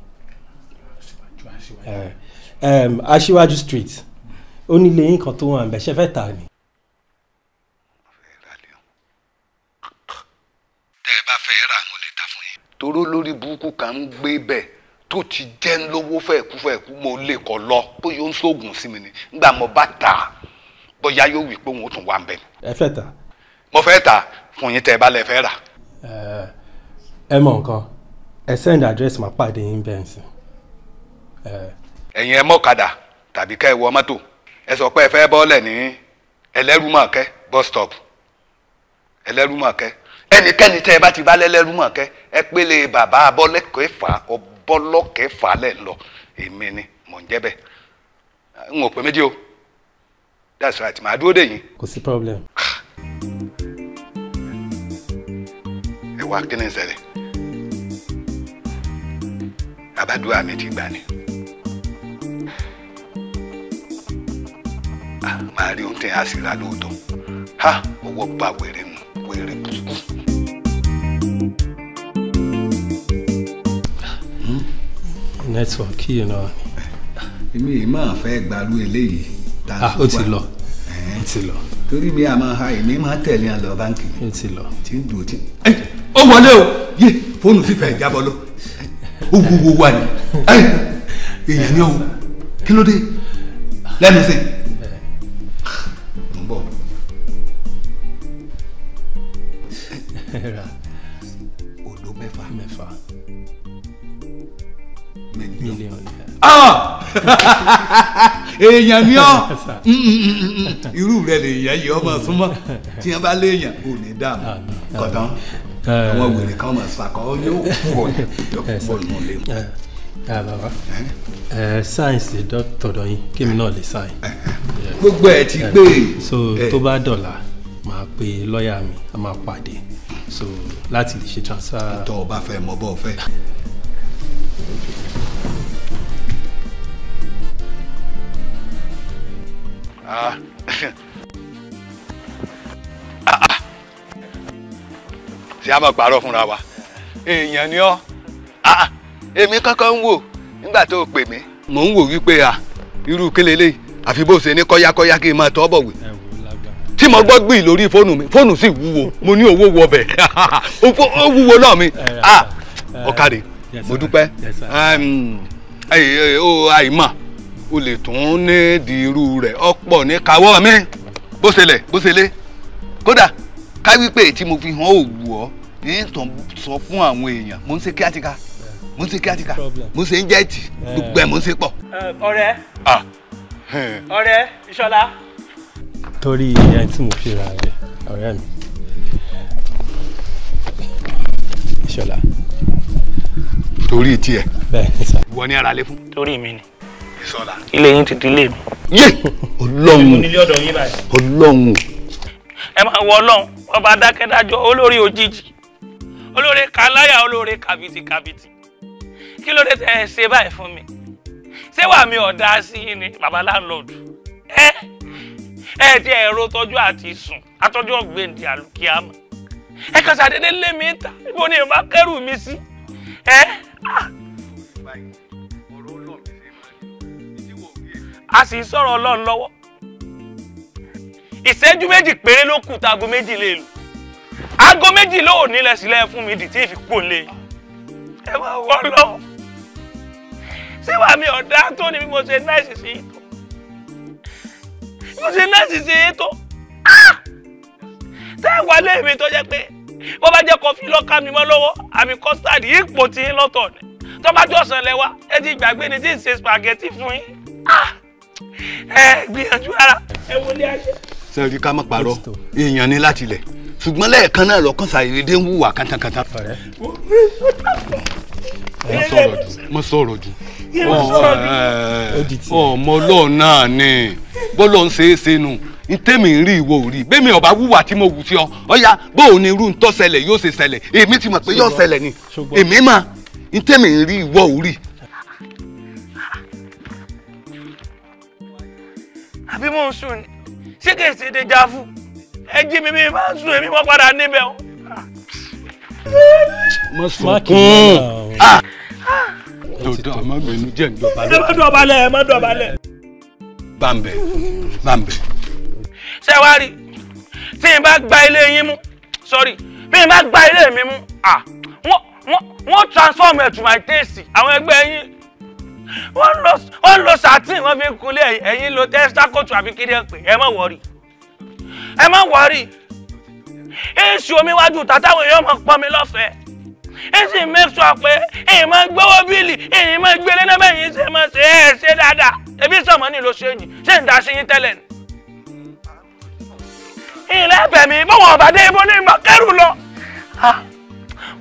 [SPEAKER 6] eh, aṣíwájú street ó ní lẹ́yìn kan tó wà ń bẹ̀ ṣe fẹ́ ta ni.
[SPEAKER 1] tẹ́ ẹ bá fẹ́ rà mo lè ta fún yín. toró lórí burúkú kan ń gbé bẹ́ẹ̀ tó ti jẹ́ ń lówó fẹ́ẹ̀kú fẹ́ẹ̀kú mo lè kọ́ lọ bóyá ó ń ṣoògùn sí mi ni nígbà mo bá tà bóyá yóò wí pé òun ò tún wà ń bẹ̀. ẹ fẹ́ ta. mo fẹ́ ta fún yín tẹ́ ẹ bá lẹ fẹ́ rà.
[SPEAKER 6] ẹ mọ nǹkan ẹ send address máa pàdé yín bẹ́ẹ̀
[SPEAKER 1] sí. ẹ̀yin ẹ mọ̀kadà tàbí kẹ́ ẹ wọ mọ́tò ẹ sọ pé ẹ fẹ́ bọ́ọ̀lẹ̀ ní ẹlẹ́rùmọ̀kẹ́ bus stop ẹlẹ́rùmọ̀kẹ́ ẹnikẹ́ni tẹ́ ẹ bá ti bá lẹ́lẹ́rùmọ̀kẹ́ ẹ pélé bàbá abọ́lẹ́kẹ́fà ọbọ́lọ́kẹ́fà lẹ́ lọ èmi ni mò ń jẹ́ bẹ́ẹ̀ n ò pé méjì o that's right màá dúró dè yín. kò sí problem. ẹ wá kí ni ń ṣẹlẹ̀ àbádùá mi ti gbà ni. màá rí ohun tí sì ra lóòótọ́ ha owó bá wèrè mu wèrè kùtùkù.
[SPEAKER 6] Hmm? network yìí náà.
[SPEAKER 1] èmi yìí máa fẹ́ gbalú eléyìí ah ó ti lọ ó ti lọ. torí mi àmọ́ ha èmi máa tẹ̀lé à lọ báńkì. ó ti lọ. tí ń dùn ó ti. ẹ ó wọlé o yé fóònù fífẹ́ ìjábọ̀ lọ ó wúwo wà ní. èèyàn ni ó kí ló dé lẹ́nu sí i.
[SPEAKER 4] èèyàn ni ọ *laughs*
[SPEAKER 5] mm,
[SPEAKER 2] mm, mm,
[SPEAKER 4] irú rẹ lè yẹ yìí ọmọ súnmọ́ *laughs* tí wọn bá léèyàn ò ní dààmú ah,
[SPEAKER 6] kọtán
[SPEAKER 1] eh. àwọn wèrè kan mọ sàkọ
[SPEAKER 6] yóò pọ yóò pọ nù lé. bàbá eh? eh, sáyẹnsì tọ̀dọ̀ yín kémi náà lè sáyẹn. gbogbo ẹ ti gbé. so tó bá dọ̀la máa pe lọ́ọ̀yà mi a máa pàdé so láti lè ṣe transfer. tó o fẹ́ mọ bó fẹ́.
[SPEAKER 5] Ah.
[SPEAKER 1] si a máa parọ́ fúnra wa èèyàn ni ọ́ emi ah, kankan ń wò to pe o pè mí. mò wípé a irú kélélé àfi bó se ní kọ́yákọ́yá kí n máa bọ̀ wí. tí mo gbọ́ gbìn lórí fóònù mi fóònù sì mo ní owó wọ bẹ̀ o *laughs* wúwo náà mi ah, ọ̀kadì mo dúpẹ́ àìmọ̀. o lè tún ní dìrú rẹ̀ ọ̀pọ̀ ní kawọ́ mi bó ṣe lẹ̀ bó ṣe lé kódà káwípé tí mo fi hàn òwú ọ ní sọ fún àwọn èèyàn mo ń ṣe kíátíkà mo ń ṣe kíátíkà mo ń ṣe ń jẹ́ẹ̀tì eh. gbogbo ẹ̀ mo ń ṣe pọ̀. Eh,
[SPEAKER 6] ọ̀rẹ́ ọ̀rẹ́ ìṣọlá. torí ìyá tí mo fi ra rẹ ọ̀rẹ́ mi ìṣọlá. torí tiẹ̀. bẹ́ẹ̀
[SPEAKER 1] ni sá. ìwọ ni ara lè fún. torí mi ni. Sísọlá. ilé yín ti di mi. yé ọlọ́run ọlọ́run. ẹ máa wọ ọlọ́run ọba dákẹ́dájọ́ olórí òjijì olórí kaláyà olórí kàbìtì kí ló dé tẹ ẹ ṣe báyìí fún mi ṣé wàá mi ọ̀dà sí i ni baba landlord ẹ ẹ ti ẹ̀rọ tọ́jú àti sùn atọ́jú ọ̀gbẹ́ndì àlùkìyàmà ẹ kàn ṣàdédé lé mi ta ibo ni ìbá kẹrù mi sí ẹ. Ah! a sì ń sọ̀rọ̀ ọlọ́run lọ́wọ́ ìṣẹ́jú méjì péré ló kù tá aago méjì lè lù aago méjì ló ní lẹ́sílẹ̀ fún mi dìtí ìfikò lè ẹ máa wọ́ lọ síwá mi ọ̀dá tó ní bí mo ṣe náìsì sí i tó mo ṣe náìsì sí i tó ah! tẹ́ ẹ̀ wálé mi tó jẹ́ pé bó bá jẹ́ kọfí lọ́ka mi mọ́ lọ́wọ́ àmì kọ́sítàdì ipò tí ń lọ́tọ̀ ni tó bá jọ̀sán lẹ́wà ẹ ti gbàgbé ni tí ń ṣe spaghetti fún yín. Ah! ẹ gbìyànjú ara. ẹ wọlé ayé. sẹ́ẹ̀rì ká má parọ́ èèyàn ni láti lẹ̀ ṣùgbọ́n lẹ́ẹ̀kan náà lọ́kàn ṣàyẹ̀dẹ́ ń wùwà kántánkántán. mo sọ̀rọ̀ jù mo sọ̀rọ̀ jù ọmọ ọlọ́run náà ni bọ́lọ̀ ń ṣe é ṣe nù ntẹ́mi ń rí ìwọ òrí bẹ́ẹ̀mi ọba wúwà tí mo wù sí ọ ọ̀ya bóò ni irú ntọ́ ṣẹlẹ̀ yóò ṣe ṣẹlẹ̀ èmi ti mọ̀ pé yóò ṣẹlẹ̀ ni èmi mà ntẹ́mi ń rí ìwọ òrí àbí mò ń sùn ni ṣé kìí ṣe èdè jáfù ẹ jí mi mi máa ń sùn èmi mọ́ padà níbẹ̀ o.
[SPEAKER 4] mo sunkún
[SPEAKER 1] dodo àmọ́ bínú jẹ́ ìdọ̀bálẹ̀. ẹ má dọ̀bálẹ̀ ẹ má dọ̀bálẹ̀. bàǹbẹ̀ bàǹbẹ̀. ṣé wàá rí tí n bá gba ilé yín mú sorry bí n bá gba ilé mi mú ah, wọ́n transform ẹ̀ to my taste àwọn ẹgbẹ́ yín wọ́n lọ wọ́n lọ sàtìn wọ́n fi ń kunlé ẹ̀yin lo tẹ́sítákòtù àbí kiri ẹ̀ pé ẹ má wọ́ọ̀rì ẹ má wọ́ọ̀rì èsì omi wájú tàtàwọn èèyàn máa pọ́n mi lọ́fẹ̀ẹ́ èsì make sure pé èyí máa gbowó bíìlì èyí máa gbélé náà bẹ́ẹ̀ yín ṣe máa ṣe é ṣe dáadáa ẹbí sọ̀mọ́ ní ló ṣe yìí ṣé ń daṣe yín tẹ́lẹ̀ ni. ilé ẹ̀bẹ̀ mi bọ́wọ̀ ọ̀bàdé ibo ní ìmọ̀ kẹ́rù lọ.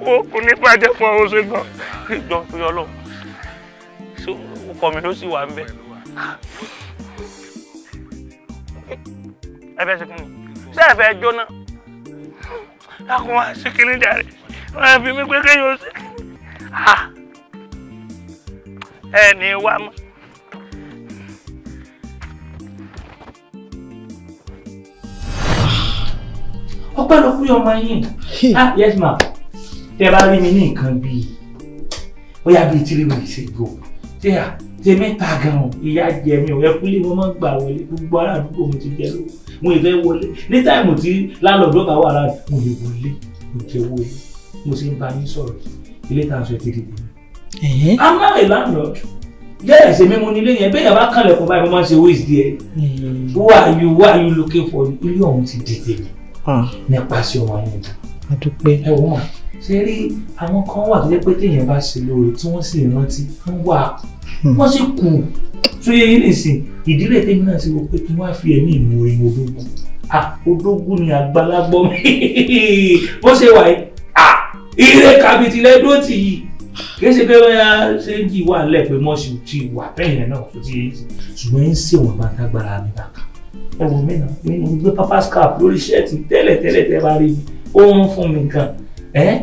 [SPEAKER 1] wọ́n kò ní bàjẹ́ fún ọ ọkọ mi ló sì wà ń bẹ. ẹ fẹ́ ṣe kí ni ṣé ẹ fẹ́ jóná lákùn wá sí kí ni jàre wọn fi mí pé kéèyàn sí kí ni ẹ ní wá mọ́. ọpẹ́ ló kúrò ọmọ yín ah, yes ma tẹ bá rí mi ní nǹkan bíi bóyá bíi tírí mi ṣe jẹ mẹ́ta gan o ìyá jẹ mi ò yẹ kúlé wọn máa ń gbà wọlé gbogbo ará àdúgbò mo ti jẹ lówó mo ì fẹ́ wọlé ní táìmù tí lálọ́ọ̀dọ́ bá wà láàrin mo lè wọlé mo jẹ owó yẹn mo ṣe ń bá yín sọ̀rọ̀ ilé tá a sọ ti dìde mi. I'm not a landlord yes èmi mo nílé yẹn bẹ́ẹ̀ bá kànlẹ̀ fún báyìí mo máa ń ṣe who is there who are you who are you looking for ilé ọ̀hún ti dìde mi ah. nípasẹ̀ ọmọ yẹn.
[SPEAKER 2] adúpẹ́ ẹ wọ́n
[SPEAKER 1] mọ̀ ṣe rí àwọn kan wà tó jẹ́ pé téèyàn bá ṣe lóore tí wọ́n sì rántí ń wà wọ́n sì kù tó yẹ yín nìsín ìdílé tèmi náà ti rò pé kí wọ́n á fi ẹ̀mí ìmoore odógún ah odógún ni àgbàlagbọ́ *laughs* bó ṣe wà yìí ire kàbìtì lẹ́dọ́ tì yìí kìí ṣe pé bóyá ṣe ń yí wà lẹ́ mọ́ṣù ti wà bẹ́ẹ̀ náà tó ti yẹn ṣùgbọ́n yín sì wọ́n bá dágbára mi bàkà ẹ̀wọ̀n mi náà gbé pápá scarf lórí ṣẹ́ẹ̀tì tẹ́lẹ̀ tẹ́ bá rí mi ó ń fún mi gan-an ẹ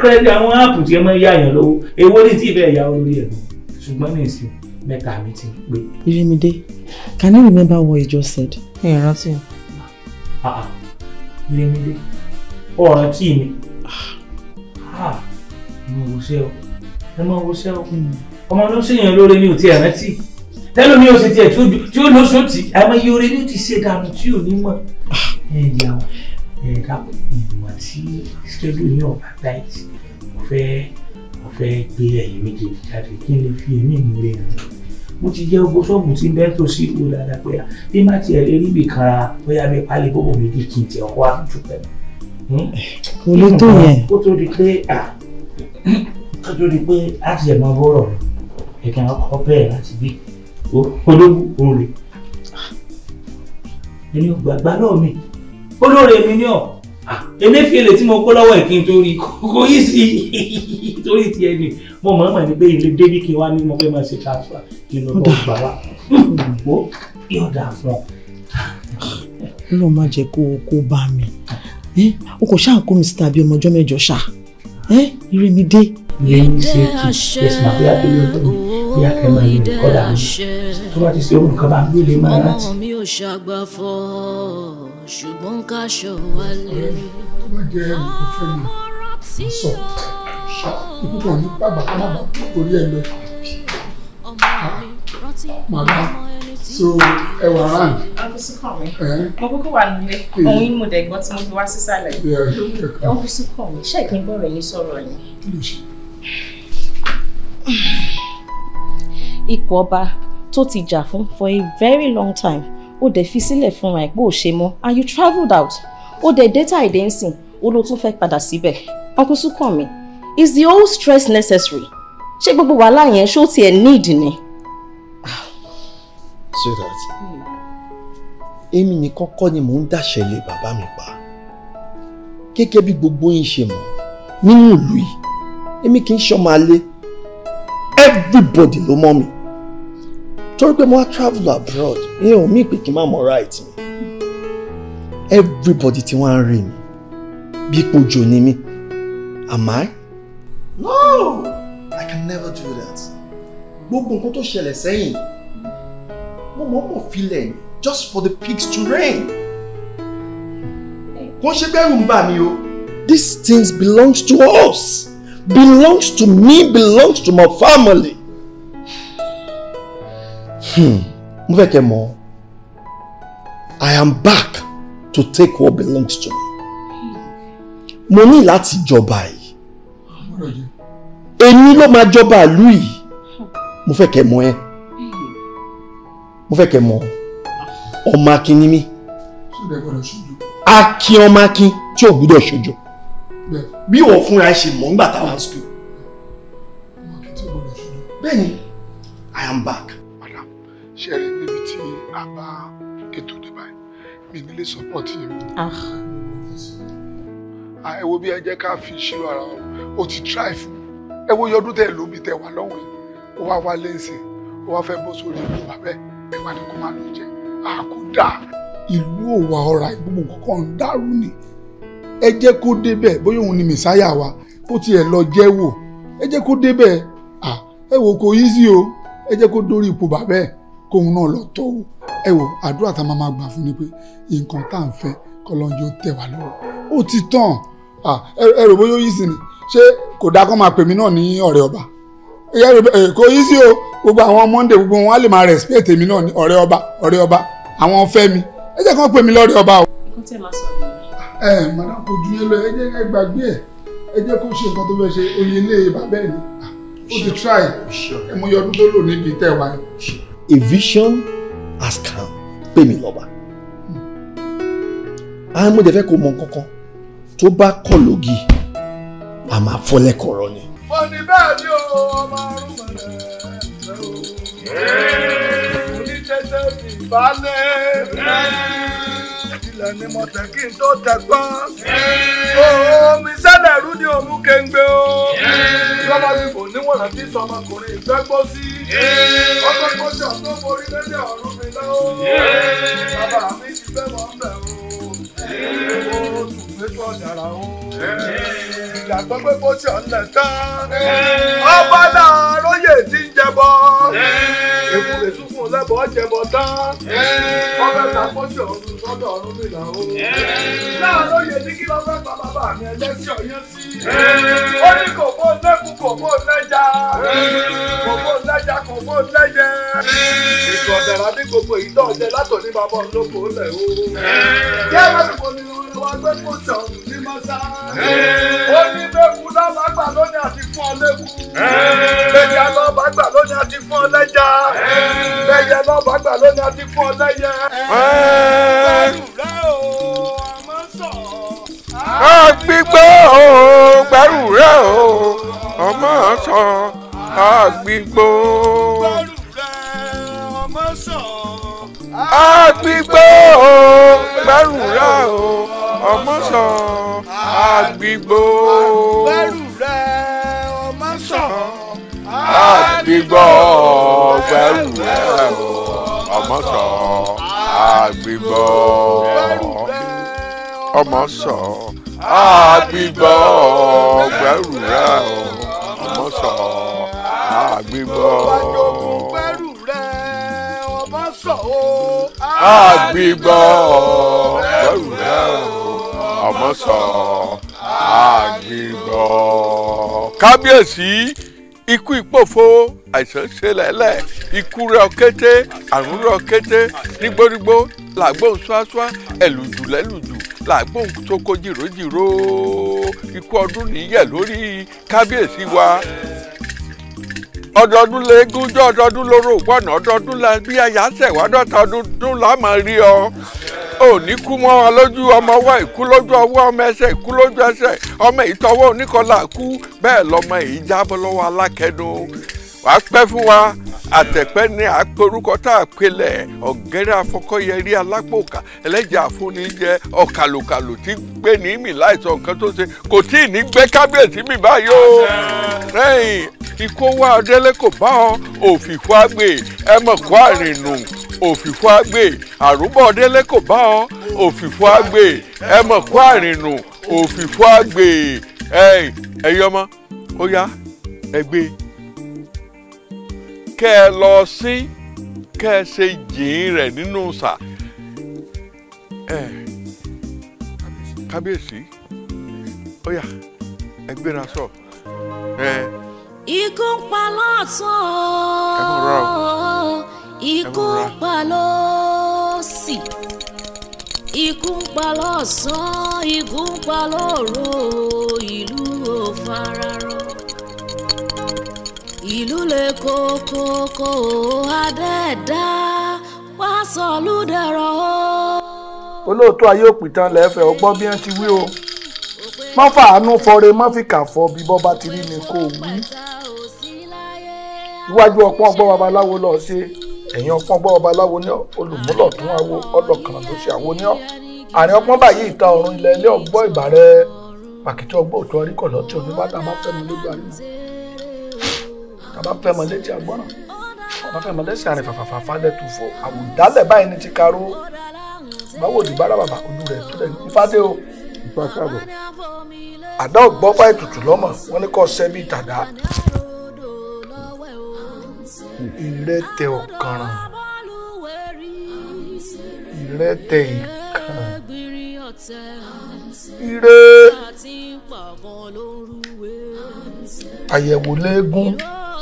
[SPEAKER 1] kẹ́rẹ́dì àwọn áàpù tí ẹ máa ń yá yàn lọ́wọ́ èwo ní tí ì bẹ́ẹ̀ yá olórí ẹ̀ ṣùgbọ́n ní ìsìn mẹ́ta mi ti pé. Irimide, can you remember what you just said?
[SPEAKER 3] ẹ ẹ rántí.
[SPEAKER 6] Ah, ah. Irimide ọ̀ràn tí mi
[SPEAKER 1] ah. mo wò ṣe ọ ẹ máa wo ṣe ọ ọmọ ló ṣèyàn lóore ní òtí ẹ̀rántí tẹ́lẹ̀ mi ò sì tiẹ̀ tí ó lóṣòtì àmọ́ iye oore ní ó ti ṣe dànù tí ò ní mọ̀ ẹ̀ yà wọ́n ẹ dàpọ̀ ìwà tí ṣẹ́dù yín ọ̀bá tight mo fẹ́ mo fẹ́ gbé ẹ̀yìn méjèèjì jáde kí n lè fi èmi ìmúre hàn mo ti jẹ́ ogbó ṣọ́ọ̀bù tí ń bẹ́ẹ̀ tó sí ìwé dáadáa pé bí má tiẹ̀ lè ríbi kan ra bóyá bí pálí bóbò méjì kì í tiẹ̀ kó àtúntò pẹ̀lú. Hmm?
[SPEAKER 2] kò lè tó yẹn.
[SPEAKER 1] kó tó di pé kó tó di pé a ti ẹ̀ mọ bọ́rọ̀ ẹ̀ka ọkọ bẹ́ẹ̀ láti bí ológun òun ẹni ògbàgbà náà mi olóore mi ní ọ Emefiele tí mo kó lọ́wọ́ ẹ̀ kí n tó kókó yìí sí *laughs* torí ti ẹni mo mọ̀ mọ̀ ní pé ilé débí kí n wá ní mo fẹ́ máa ṣe transfer kí n lọ bọ̀ gbà wá gbó yọ̀dà fún ọ. ló máa jẹ́ kó kó bá mi o kò ṣáà kó mi síta bí ọmọ
[SPEAKER 3] ọjọ́ mẹ́jọ ṣá ire mi dé. lẹ́yìn ṣe kí ẹ̀sìn àbí àdéhùn tó ní bí akẹ́mọ̀ yìí kọ́dà mi tó bá ti ṣe òun kan bá gbé lè máa rántí. ọmọ mi ò ṣàgbà fọ́ ṣùgbọ́n ká ṣọ wálé. tó bá mi sọ ikú kan ní bàbá kan bàbá torí ẹ ah, so ẹ wà rán. ọfíìsì kàn mí mo kúkú wà nílé ohun ìmú dẹ̀gbọ́n tí mo fi wá sísàlẹ̀ ọfíìsì kàn mí ṣé kí n bọ̀rọ̀ yín sọ̀rọ̀ ni. ipò ọba tó ti jà fún for a very long time ó dẹ̀ fi sílẹ̀ fúnra ẹ̀ pé ò ṣe and you travelled out ó dẹ̀ data ìdẹ́nsìn ó ló tún fẹ́ padà síbẹ̀ uncle Sukomi, is the whole stress necessary ṣé gbogbo wàhálà yẹn ṣó tiẹ̀ need ni.
[SPEAKER 5] sweetheart
[SPEAKER 1] èmi nìkan kọ́ ni mò ń dàṣẹ lé bàbá mi pa gẹ́gẹ́ bí gbogbo yín ṣe mọ̀ nínú ìlú yìí èmi kì í ṣọmọ alẹ́ everybody lo mọ̀ mi torí pé mo wá travel abroad ìyẹn ò mí pé kí n má mọ right mi everybody ti wọ́n á rí mi bí pojò ni mi am I?
[SPEAKER 3] no I can never do that
[SPEAKER 1] gbogbo nǹkan tó ṣẹlẹ̀ sẹ́yìn mo mọ̀ mọ̀ filẹ̀ just for the pigs to rain." kò ṣe bẹ́rù ń bà mí o. these things belongs to us belongs to me belongs to my family. Hmm. mo fẹ́ kẹ́ I am back to take what belongs to me mo ní láti jọba
[SPEAKER 2] yìí
[SPEAKER 1] èmi ló máa jọba ìlú yìí mo fẹ́ kẹ́ mọ̀ ẹ́ mo fẹ́ kẹ́ mọ̀ ọmọ akin ni mí akin ọmọ akin tí ò gbúdọ̀ ṣojo bí wọ́n fúnra ẹ ṣe mọ̀ nígbà táwọn school bẹ́ẹ̀ I am back ṣe rí níbi tí a bá ètò ìdìbò mi nílé support yìí. Ah. Ah, ẹ wo bí ẹ jẹ́ ká fi ìṣirò ara wọn o ti try fún ẹ wo yọdún tẹ lómi tẹ wà lọ́wọ́ yìí ó wá wá lẹ́sìn ó wá fẹ́ bọ́ sórí ìlú bàbẹ́ ẹ wá ní kó má lọ jẹ àkúdà.
[SPEAKER 4] ìlú òwà ọ̀rà ìgbógun kọ̀ọ̀kan ń dàrú ni ẹ jẹ́ kó débẹ̀ bóyá òun
[SPEAKER 1] ni mẹ̀sáyà wa kó tiẹ̀ lọ jẹ́ wò ẹ jẹ́ kó débẹ̀ ah, ẹ wò kò yí sí o ẹ jẹ́ kó dórí ipò bàbẹ́ ẹ̀ kóun náà lọ tọ́ o ẹ wò àdúrà tá a máa máa gbà fún ni pé nǹkan tá à ń fẹ́ kọlọ́njọ́ tẹ̀ wá lọ́wọ́ ó ti tàn ẹ rò bóyá ó yí ni ṣé kò dáa kó máa pè mí náà ní ọ̀rẹ́ ọba kò yí sí o gbogbo àwọn Monday gbogbo wọn á lè máa respect èmi náà ní ọ̀rẹ́ ọba ọ̀rẹ́ ọba àwọn fẹ́ mi ẹ jẹ́ kán pè mí lọ́rẹ́ ọba o. ẹ madam kò ju yẹn lọ ẹ jẹ́ ẹ gbàgbé ẹ ẹ jẹ́ kó ṣe nǹkan tó fẹ́ ṣe oyè ilé bàbá ẹ̀ ni ó ti try ẹ mú yọdún tó lò níbi tẹ́ wáyé a vision has come pè mí lọ́ba àwọn ah, ọmọdé fẹ́ kó mọ cocoa. Tobacco bá I'm a máa fọ́ lẹ́kọ̀ọ́rọ́
[SPEAKER 4] ilẹ̀ ni mo tẹ̀ kí n tó tẹ̀gbọ́n. omi sẹ́lẹ̀ rú ni òmu kéńgbé o. lọ́mọ bíbò níwọ̀n tí sọmọkùnrin ìfẹ́ gbó sí. ọkọ̀ ìgbọ́sẹ̀ ọ̀tún borí lórí ọ̀run mi lọ́wọ́. bàbá mi ti fẹ́ mọ́ bẹ̀ o. o tù mí tó ọ̀dàrà o. ìyàtọ̀ pé kó ṣe ọ̀lẹ̀ tán. ọ̀pá náà r olóyè tí ń jẹbọ èkúlè sunkún lẹ́bọ̀ jẹbọ tán ọbẹ̀ tàkọ́sí
[SPEAKER 2] ọ̀run sọ́dọ̀ ọ̀run mi là ó náà lóye
[SPEAKER 4] ní kí lọ́fẹ́ pa bàbá mi ẹlẹ́sìn ọ̀yẹ́
[SPEAKER 1] sí
[SPEAKER 2] ó ní kò bó
[SPEAKER 1] kú kòkó lẹ́jà kòkó lẹ́jà
[SPEAKER 4] kòkó lẹ́yẹ. ìtọ̀ ọ̀dàrà bí gbogbo èyí tó ọjẹ́ látòní bàbá olóko lẹ̀ o. yẹ́ wọ́n ti wọlé wọn gbé kó sàn ní mọ́sá. ó ní lọ́ba gbà lónìí àti fún ọ lẹ́kú. bẹ́ẹ̀yà lọ́ba gbà lónìí àti fún ọ lẹ́jà. bẹ́ẹ̀yà lọ́ba gbà lónìí àti fún ọ lẹ́yẹ. gbígbó gbẹrù rẹ o ọmọ sọ àgbìgbò. àgbìgbò gbẹrù rẹ o ọmọ sọ àgbìgbò. gbẹrù rẹ
[SPEAKER 2] ọmọ sọ
[SPEAKER 4] àgbìgbò gbẹrù rẹ o ọmọ sọ àgbìgbò. ọmọ sọ àgbìgbò gbẹrù rẹ o àgbébọ̀. ọba jogun pẹ́rù rẹ̀ ọba sọ o. àgbébọ̀ pẹ́rù rẹ̀ ọmọ sọ àgbébọ̀. kábíyèsí ikú ìpòfo àìsàn ṣe lẹ́lẹ̀ ikú rẹ̀ ọ̀kété àrùn rẹ̀ ọ̀kété nígbónígbó làgbóhùn
[SPEAKER 1] ṣáṣá ẹ̀lùjù lẹ́lùjù làgbóhùn tó kó jìròjìrò ikú
[SPEAKER 4] ọdún nìyẹn lórí kábíyèsí wa ọdọọdún léegun jọ ọdọọdún lóró gbọ́nà ọdọọdún la bí aya ṣẹ̀wá dọ́ta ọdún la rí ọ òní kú mọ́ wa lójú ọmọ ọwọ́ ìkú lójú ọwọ́ ọmọ ẹsẹ̀ ìkú lójú ẹsẹ̀ ọmọ
[SPEAKER 1] ìtọ́wọ́ oníkọlà kú bẹ́ẹ̀ lọmọ èyí jábọ́ lọ́wọ́ alákẹ́dùn wàá pẹ́ fún wa àtẹ̀pẹ́ ní àpérúkọ tá a pelẹ̀ ọ̀gẹ́rẹ́ afọkọ́yẹrí alápòkà ẹlẹ́jà àfúnijẹ ọ̀kàlùkàlù tí gbé ní mi láìsọ nǹkan tó ṣe kò tí ì ní
[SPEAKER 4] gbé kábíyèsí mi báyìí o rẹ́yìn ikú wa adélé kò bá ọ òfìfo àgbè ẹ mọ̀ kó àrìnnù òfìfo àgbè àrùbọ̀ adélé kò bá ọ òfìfo àgbè ẹ kó àrìnnù òfìfo àgbè ẹ̀yìn ó yá ẹgbẹ́ kẹ́ ẹ lọ sí kẹ́ ẹ ṣe jìn rẹ̀ nínú sà ẹ kábíyèsí ó yá ẹ gbéra sọ ẹ.
[SPEAKER 3] ikú pa lọ́tún ikú ń pa lọ́sì ikú pa lọ́sàn-án ikú pa lóru ìlú ò ìlú le kókókó adẹ́ẹ̀dá wá sọ̀lúdẹ̀rọ̀ o.
[SPEAKER 1] olóòótọ́ ayé òpìtàn lẹ́fẹ̀ẹ́ ọgbọ́n bí wọ́n ti wí o má fàánú fọre má fìkà fọ bí bọ́ba ti rí ni kò wí iwájú ọpọ́n ọgbọ́n babaláwo lọ ṣe ẹ̀yìn ọpọ́n ọgbọ́n babaláwo ní olùmúlọ̀ tún awo ọlọ́kan ló ṣe àwọn oníọ́ àárín ọpọ́n báyìí ìta ọ̀run ilẹ̀ ilé ọgbọ́n ìbàrẹ̀ pàkìtì ọgbọ́n òtún ọríkọ̀ lọ́tí oníbàdàn máa fẹ́ mi lójú àríwá bàbá fẹ́ mọ létí àgbọ́ràn bàbá fẹ́ mọ lẹ́sẹ̀ àrìn fàfàfà lẹ́tù fọ àwòdálẹ̀ báyìí ní ti karó báwo di bára bàbá ojú rẹ̀ tó lẹ̀ ní o. ìfà àdá ògbọ́ fáì tutù lọ́mọ wọn ní kọ́ sẹ́bí tàdá.
[SPEAKER 3] ìrẹ́tẹ̀ ọ̀kànràn ìrẹ́tẹ̀ ìkàn ire àyẹ̀wò léegun ah,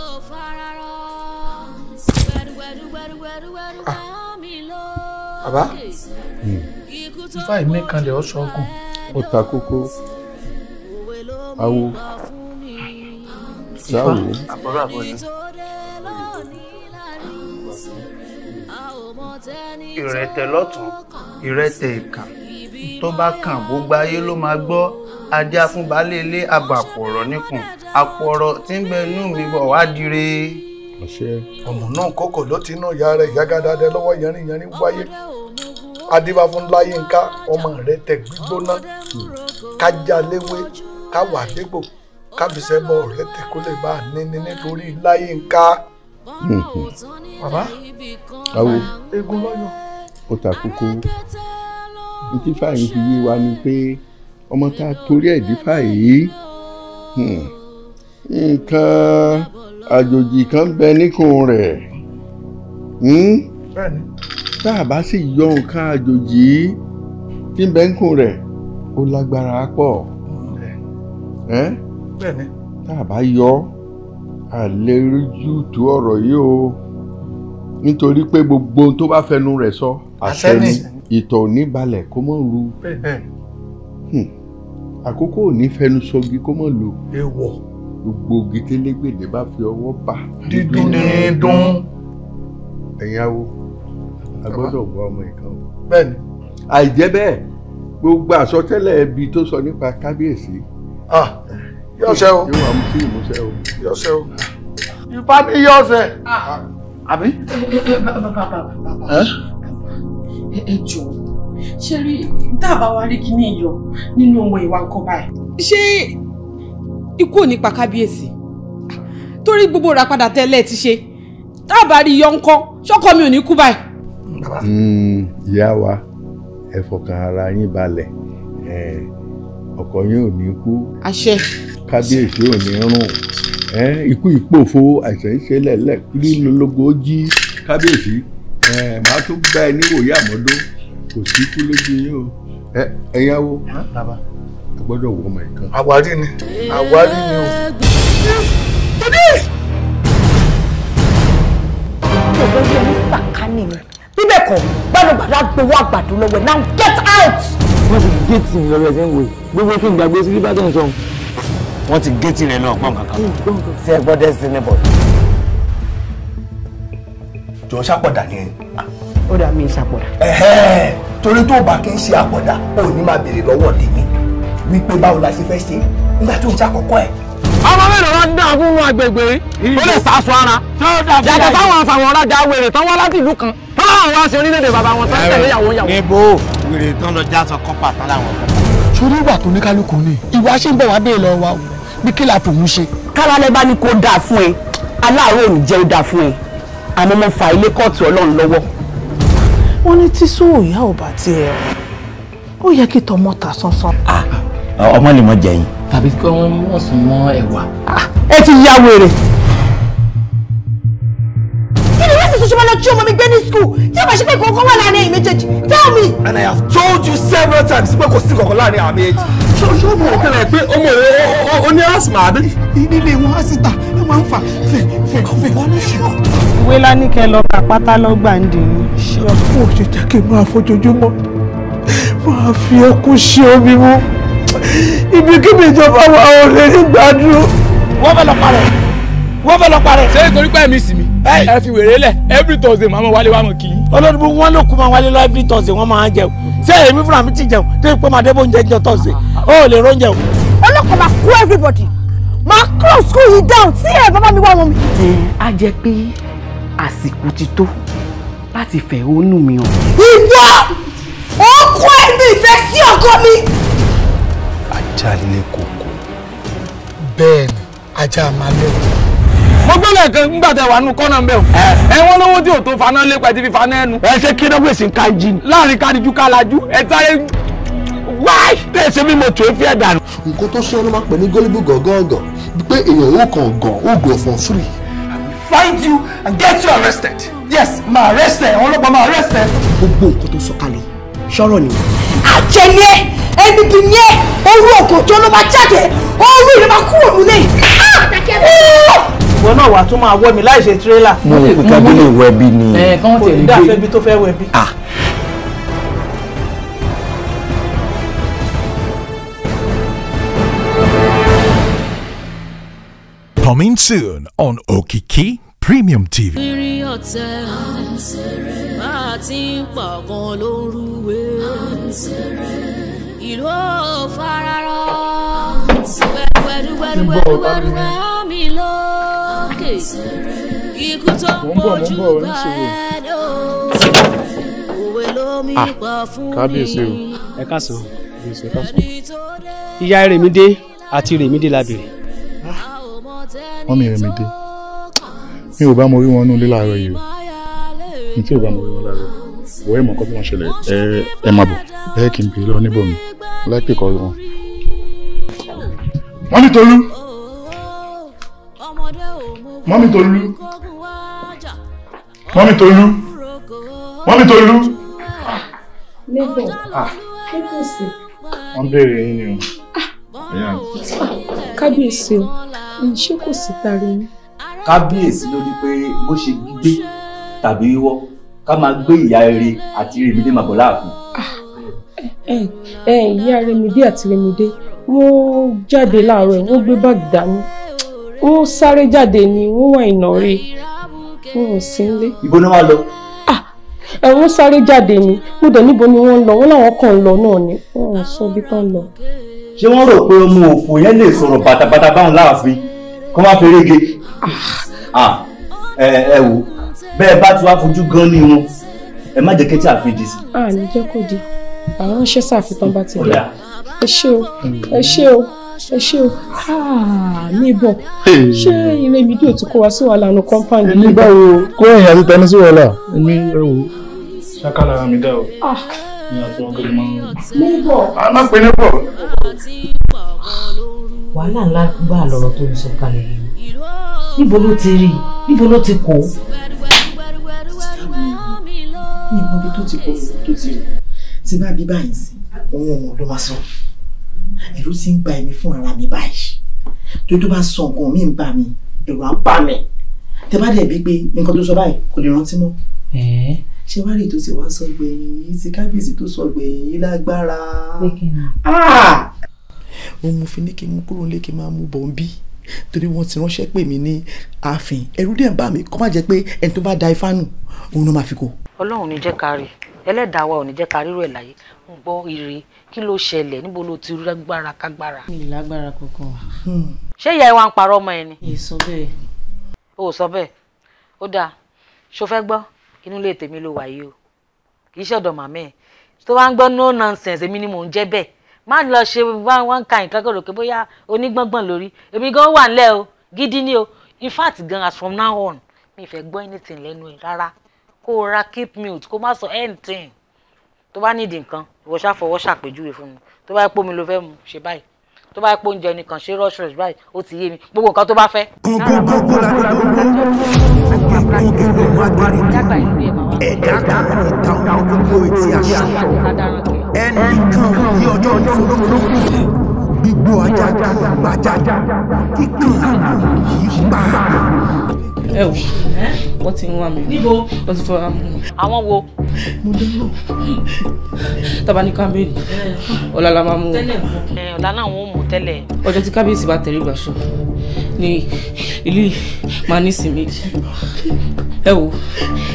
[SPEAKER 1] bàbá ifá ìmí kanlẹ̀ ọ̀ṣọ́gun. ó ta kókó
[SPEAKER 2] awo láwo. àbúrò
[SPEAKER 4] àbọ̀lá.
[SPEAKER 1] ìrẹ̀tẹ̀ lọ́tún ìrẹ̀tẹ̀ ìkà tó bá kàn gbogbo ayé ló máa gbọ́ adé afúnbalélé abàpọ̀rọ̀ níkùn àpọ̀rọ̀ tí ń bẹ inú mi bọ̀ wá dire. ọmọ náà kọkọ ló ti ná ìyá rẹ ìyágádádẹ lọ́wọ́ yẹrinyẹrin wáyé adébá fún láyé nká ọmọ rẹ tẹ gbígbóná kájà léwé káwà dégbò kábísẹ́ bọ̀ rẹ tẹ kó lè bá a níní nítorí láyé nká. Hmm, hmm.
[SPEAKER 4] bàbá awo egun lọ́yọ̀
[SPEAKER 1] ó ta kókó ntí fàyè fi yé wa ni pé ọmọ tá a torí ẹ̀ dí fàyè yìí hmm, nǹkan àjòjì kan bẹ níkùn rẹ̀ hmm? tá a bá sì yọ nǹkan àjòjì tí ń bẹ níkùn rẹ̀ ó lágbára pọ̀ tá a bá yọ àlè rújú tu yìí o nítorí pé gbogbo ohun tó bá fẹnu rẹ̀ sọ àṣẹ ni ìtọ̀ ò ní balẹ̀ kó mọ̀ ru hmm. àkókò ò ní fẹnu sọgi kó mọ̀ lò gbogbo gitelegbèdè bá fi ọwọ́ bà. dídùn ní dùn. ẹ̀yin awo a gbọ́dọ̀ wọ ọmọ ìkan o. bẹ́ẹ̀ni. àìjẹ́ bẹ́ẹ̀ gbogbo àsọtẹ́lẹ̀ ẹbí tó sọ nípa kábíyèsí. ah yọ̀ọ̀ṣẹ́ o. yóò wà mú sí ìmúṣẹ o. yọ̀ọ̀ṣẹ́ o.
[SPEAKER 3] ìfá ní yọ̀ọ̀ṣẹ́. Ah àbí. bàbá ẹ jọ
[SPEAKER 1] ṣe rí tá wa rí kíní iyọ nínú ohun ìwà nǹkan báyìí. ṣé ikú ò ní pa kábíyèsí torí gbogbo ra tẹ́lẹ̀ ti ṣe tá rí iyọ ńkọ́ mi ò ní kú báyìí. Hmm, ìyá wa ẹ fọkàn ara yín balẹ̀ ọkọ yín ò ní kú. kábíyèsí ò ní rùn ikú ìpòfo àìsàn ìṣẹ̀lẹ̀ lẹkìrì lọlọgọ jí
[SPEAKER 4] kábíyèsí màá tún bá ẹ níwòye àmọdó kò
[SPEAKER 1] sí kú lójú yín o ẹyáwó ẹ gbọ́dọ̀ wọ ọmọ ìkan. àwárí ni
[SPEAKER 2] àwárí ni o. tàbí.
[SPEAKER 1] ọ̀gbọ́n yẹn ní sàkánì ni bíbẹ̀ kọ́ gbàdúgbàdà gbowó àgbàdo lọ́wọ́
[SPEAKER 4] now get out.
[SPEAKER 1] wọ́n ti gé tì mí lọ́wọ́ ẹ̀sẹ̀ ń wò yìí gbogbo kí n gbàgbé sí bí bá ń sọ̀rọ̀ wọ́n ti gé tirẹ̀ náà pọ̀ mm, kankan. ṣé ẹ gbọ́dọ̀ sí ní bọ̀dọ̀. jọ ṣàpọ̀dà ni ẹ. ó dà mí ṣàpọ̀dà. torí tó bá kí n ṣe àpọ̀dà ó ní máa béèrè lọ́wọ́ tèmi wípé báwo la ṣe fẹ́ ṣe nígbà tó ń ṣàkọ́kọ́ ẹ̀. ọmọ mélòó ló dá fún inú agbègbè ó lè sàṣọ ara yàtọ̀ táwọn àfàwọn ọ̀rajà wèrè tán wá láti ìlú kan táwọn wá sí orílẹ̀-èdè bàbá wọn tán tẹ̀lé ìyàwó ìyàwó. níbo wèrè tán lọ já sọ kọ́pà tán láwọn. sórí ìwà tó ní kálukú ni ìwà ṣe ń bọ̀ wá bẹ́ẹ̀ lọ wa o bí kí la fòun ṣe. kálálẹ́ bá ní kó dáa fún ẹ aláàárọ̀ ò jẹ́ ó dáa fún ẹ àmọ́ mo fa ilé kóòtù ọlọ́run lọ́wọ́. wọ́n ní tíṣú òyà ò bá tiẹ̀ ó yẹ kí tọmọ ta sánsán. ọmọ lè mọ jẹyìn. tàbí kí wọ́n mọ̀ sún mọ́ ẹ̀wà. ẹ ti ya wèrè. ṣe máa lọ tí ọmọ mi gbé ní school tí ọmọ ṣe pé kọ̀ọ̀kan wà láàrin ẹ̀yìn méjèèjì tell me. and I have told you several times pé kò sí kọ̀ọ̀kan láàrin àwọn méjèèjì. Ah. ṣé o ṣe pé ọmọ rẹ ó ní asthma àbí. nílé wọn á sì ta máa ń fà fẹ fẹ fẹ wọn ní ṣùgbọ́n. ìwé lánìkẹ́ lọ kà pátá lọ́gbà ń dì ní. ṣé o ṣe jẹ́ kí n máa fojoojúmọ́ máa fi ẹkún ṣe omi mú ibikíbi ìjọba wa ò lè ní gbádùn. wọ́n fẹ́ lọ parẹ́ wọ́n fẹ́ lọ parẹ́. ṣé nítorí pé ẹ̀mí sì mi ẹ fi wèrè lẹ̀ every Thursday màmá wálé wà mọ̀ kì í. olórí bú wọn ló kú máa wálé lọ every Thursday wọn máa jẹun ṣé èmi fúnra mi ti jẹun tó ipò máa débò oúnjẹ jọ Thursday ó lè róúnjẹ o. ọlọ́kọ̀ máa kú everybody máa kúrò school yìí down tí ẹ bàbá mi wá wọn mi. ẹ á jẹ pé àsìkò ti tó láti fẹ̀hónú mi hàn. ìwọ ó kó ẹ̀mí ìfẹ́ sí ọkọ mi. ajá lé koko bẹ́ẹ̀ ni ajá máa lẹ́kọ̀ọ́ mo gbé lẹ́ẹ̀kan nígbà tẹ wà nù kọ́nà mbẹ́ o ẹ lówó tí ò tó faná lépa ẹ ti fi faná ẹnu. ẹ ṣe kí ló ń ka jí ni. láàrin kadiju kalaju ẹ táyé wáì. tẹ ẹ ṣe bí mo tó fi ẹ dànù. nǹkan tó ṣe ọ́nà máa pè ní gólíbù gọ̀gọ́gọ̀ pé èèyàn ò kàn gàn ó gò for free. find you and get you arrested. yes máa arrest ẹ àwọn ọlọ́pàá máa arrest ẹ. gbogbo nǹkan tó sọ kalẹ̀ sọ̀rọ̀ ni. àjẹyẹ ẹnìkì yẹ orú òkòtó ló máa jáde orú ìlú máa kúrò pàtàkì ah! ẹ̀ ìwọ náà wà tún máa wọ́ mi láì ṣe tírélà. mo rò pé kábílì wẹbi ni. ẹ kàn tẹ̀lé gbé kò ní dáfẹ́ bí tó fẹ́ wẹbi.
[SPEAKER 5] Coming soon on Okiki Premium TV.
[SPEAKER 3] Ìrìn ọ̀tẹ̀ bá a ti ń pọ̀kan lórúwé. Ìlú ò fararọ́. Wẹ́dúwẹ́dúwẹ́dúwẹ́dúwẹ́ mi lọ sókè ikú tó
[SPEAKER 4] ń bójú bá ẹ lò
[SPEAKER 1] òwe lómi ah, pa fún mi. kábíyèsí o ẹ káàsán kábíyèsí ẹ káàsán. ìyá Rèmídé àti Rèmídé la bèrè. wọ́n mi Rèmídé mi ò bá mo rí wọn nú ilé láàárọ̀ yìí o mi tí ò bá mo rí wọn láàárọ̀ wọ́n ẹ̀ mọ̀ kọ́ bí wọ́n ṣẹlẹ̀ ẹ ẹ má bọ̀ bẹ́ẹ̀ kì í bèrè lọ níbọ̀ mi láìpẹ́ kọ́ wọn.
[SPEAKER 4] wọ́n ní Tolú. Oh, oh, oh. Mami tolu, mami tolu, mami tolu.
[SPEAKER 3] níbo kí kò sí.
[SPEAKER 4] wọ́n béèrè yín ni o. Ah.
[SPEAKER 3] kábíyèsí o ṣé kò sí tari ni.
[SPEAKER 1] kábíyèsí ló ní pé bó ṣe gbígbé tàbí wíwọ́ ká máa gbé ìyá rere àti rèmídé màbọ̀ láàfin. Ah.
[SPEAKER 3] ìyá rèmídé àti rèmídé wọ́n jáde láàárọ̀ wọ́n gbé báàgì dání wọ́n sáré jáde ni wọ́n wà ìnàre wọn ò sí nílé.
[SPEAKER 1] ibo ni wọ́n lọ. Ah,
[SPEAKER 3] ẹ wọ́n sáré jáde ni mo dẹ̀ níbo ni wọ́n ń lọ wọ́n làwọn kan ń lọ náà ni wọ́n ò sọ bí tán lọ.
[SPEAKER 1] ṣé wọ́n rò pé ọmọ òfò yẹn lè sọ̀rọ̀ bàtàbàtà báwọn láàfin kó má fẹ́ rége. Ah. Ah, ẹ wò bẹ́ẹ̀ bá ti wá fojú gan ni wọn ẹ má jẹ́ kẹ́tí àfijì
[SPEAKER 3] àní jẹ́ kó di àwọn iṣẹ́ sàfihàn bá ti dé ẹ ṣé o hmm. ẹ ṣé o ẹ ṣe o
[SPEAKER 4] ah,
[SPEAKER 1] níbọ̀ ṣé ilé fídíò tí kò wá sí wàhálà nu kọ́ńpáàdì yìí. èmi báwo
[SPEAKER 4] kó ẹ̀yìn àti tani sí wàhálà èmi ẹ wò.
[SPEAKER 1] ṣákàlà mi dá o ah. ní àti wọn kiri máa ń.
[SPEAKER 3] níbọ̀ a máa ń pè níbọ̀. wàhálà ńlá gbà lọ́rọ̀ tó ń sọ kalẹ̀ yìí níbo ló ti rí níbo ló ti kó. níbo ló
[SPEAKER 1] ti kó tó ti rí tí bá bí báyìí sí òun ò mọ̀ ló máa sọ ẹ̀rù sì ń gba ẹ̀mí fún ara mi báyìí tó tó bá sọ nǹkan mi ń bà mí ẹ̀rù á bà mí tẹ bá dẹ̀ bí pé nǹkan tó sọ báyìí kò lè rántí mọ́ ṣé wàá rí tó ti wá sọ gbẹ̀yìn yìí ti kábíyèsí tó sọ gbẹ̀yìn yìí lágbára òun ah! mo fi ní kí n mú kúrò nílé kí n máa mú bọ̀ ń bí torí wọ́n ti ránṣẹ́ pè mí ní ààfin ẹ̀rù dẹ̀ ń bà mí kó má jẹ́ pé ẹni tó bá da ifá nù òun ló máa fi kó
[SPEAKER 3] ọlọ́run ò ní jẹ́ ká rí ẹlẹ́dàá wa ò ní jẹ́ ká rírò ẹ̀ láyé ń gbọ́ ire kí ló ṣẹlẹ̀ níbo ló ti lágbára kágbára. mi lágbára kankan. ṣé ìyá ẹ wá ń parọ́ ọmọ ẹ ni. èso bẹ́ẹ̀. o ò sọ bẹ́ẹ̀ ó dáa ṣo fẹ́ gbọ́ inú ilé tèmi ló wà yìí o kì í ṣe ọ̀dọ̀ màmí ẹ̀ tó bá ń gbọ́ no nonsense èmi ni mò ń jẹ́ bẹ́ẹ̀ má lọ ṣe wọ́n ka nǹkan kọ̀rọ̀ pé bóyá onígbọ̀ngbọ̀n lórí èmi gan wà ńlẹ̀ o gidi ni o in fact gan as from now on mi ì fẹ́ gbọ́ anything lẹ́nu ẹ̀ rárá kó o ra keep mute kó o má sọ anything tó bá nídìí nǹkan ìwọ ṣàfọwọ́ ṣàpèjúwe fún mi tó bá yẹ pé omi ló fẹ́ mu ṣe báyìí tó bá yẹ pé oúnjẹ nìkan ṣe rush rush báyìí ó ti yé mi gbogbo nǹkan tó bá fẹ́. ẹ̀dá kan ìta ọmọ gbogbo
[SPEAKER 4] igbó ajá gbàjà kíkan àmì yìí pa. ẹ wo
[SPEAKER 2] wọ́n
[SPEAKER 3] ti ń wá mi níbo ti fọwọ́ mi. àwọn wo. mo dárò. taba ní kábíyèsí eh. ọ̀la la máa mú wọn. Eh, ọ̀la náà wọ́n mú tẹ́lẹ̀. ọjọ́ tí kábíyèsí bá tẹ̀lé ìgbàsọ ni ìlú máa ní ìsinmi ẹ wo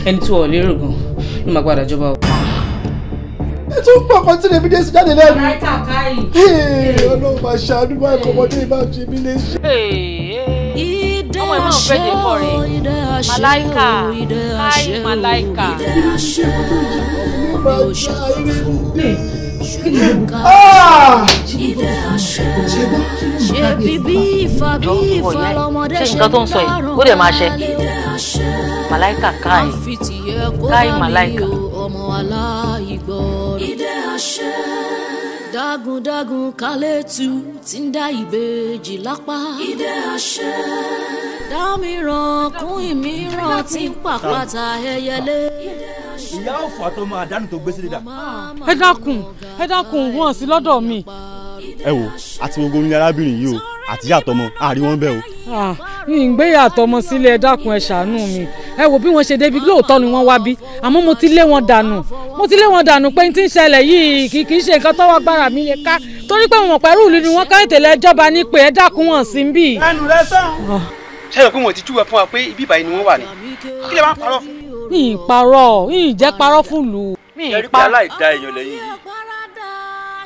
[SPEAKER 3] ẹni tí wọ́n lérò gan-an ló máa gbàdá jọba o ẹ tún
[SPEAKER 1] pọ̀ kan tí lèmi dé sí jáde lẹ́nu. ọlọ́run máa ṣàánú báyìí kọ́mọdé bá fi
[SPEAKER 3] mí lé ṣe. ọmọ ìmọ̀ fẹ́ dé pọ̀ rẹ̀ màláìkà káì màláìkà.
[SPEAKER 2] ṣé nǹkan tó ń sọ yìí ó dẹ̀ máa ṣe
[SPEAKER 3] màláìkà káì káì màláìkà dágundágun kálẹ̀tù tí ń dá ìbejì lápá. ìdẹ àṣẹ. dámìíràn kún ìmíràn tí ń pàpàtà ẹyẹlé. ìyá ò fà tó
[SPEAKER 1] máa dánù tó gbé sílẹ̀ dà.
[SPEAKER 3] ẹ dákun ẹ dákun wọn sí lọ́dọ̀ mi.
[SPEAKER 1] ẹ wo àti gbogbo ní arábìnrin yìí o àtìyá àtọmọ àrí wọn bẹ o.
[SPEAKER 3] ìgbéyà àtọmọ sílé ẹ dákun ẹ ṣàánú mi ẹ wò bí wọn ṣe débi lóòótọ́ ni wọ́n wá bí àmọ́ mo ti lé wọn dànù mo ti lé wọn dànù pé n ti ń ṣẹlẹ̀ yìí kì í ṣe nǹkan tọ́wọ́ gbára mi lè ká torí pé wọn pẹ̀lú ìlú ni wọ́n ká ètè lẹ́jọba ní pé ẹ dákun wọn sí bí. ẹnu rẹ
[SPEAKER 1] sọ̀rọ̀. ṣé o kí wọn ti júwe fún wa pé ibi ìbàyìí ni wọn wà ní kí lè má parọ́ fún. mi
[SPEAKER 3] ì parọ́ mi ì jẹ́ parọ́ fún lù.
[SPEAKER 1] mi ì parọ́. ẹ̀rí pé aláìda èèyàn lẹ́yìn yìí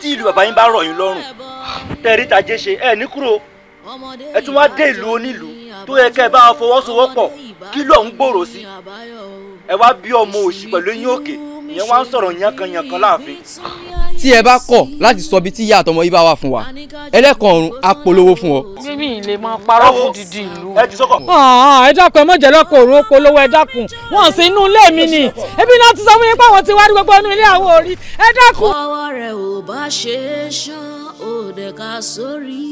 [SPEAKER 1] tí ìlú bàbá yín bá rọ̀ yín lọ́rùn tẹ̀rí tàjẹ́ ṣe ẹ̀ ní kúrò ẹ tún wá dé ìlú onílù tó yẹ kẹ́ ẹ bá fọwọ́sowọ́pọ̀ kí ló ń gbòòrò sí ẹ wá bí ọmọ òṣì pẹ̀lú eyín òkè ìyẹn wá ń sọ̀rọ̀ yankanyankan láàfin. tí ẹ bá kọ̀ láti sọ ibi tí ìyá àtọmọ yìí bá wà fún wa ẹlẹ́kàn ọ̀run á polówó fún ọ. mímí ilé máa parọ́ fún didi ìlú. ẹ ti sọkọ. Ah, ẹ dákun ẹ mọ jẹ lọkọ òru polówó ẹ dákun
[SPEAKER 3] wọn sì inú ilé mi ni ebi náà ti sọ fún yín pé àwọn ti wá rí gbogbo inú ilé àwọn òrí ẹ dákun. ọwọ́ rẹ̀ ò bá ṣe é ṣan ó dẹ̀ ká sórí.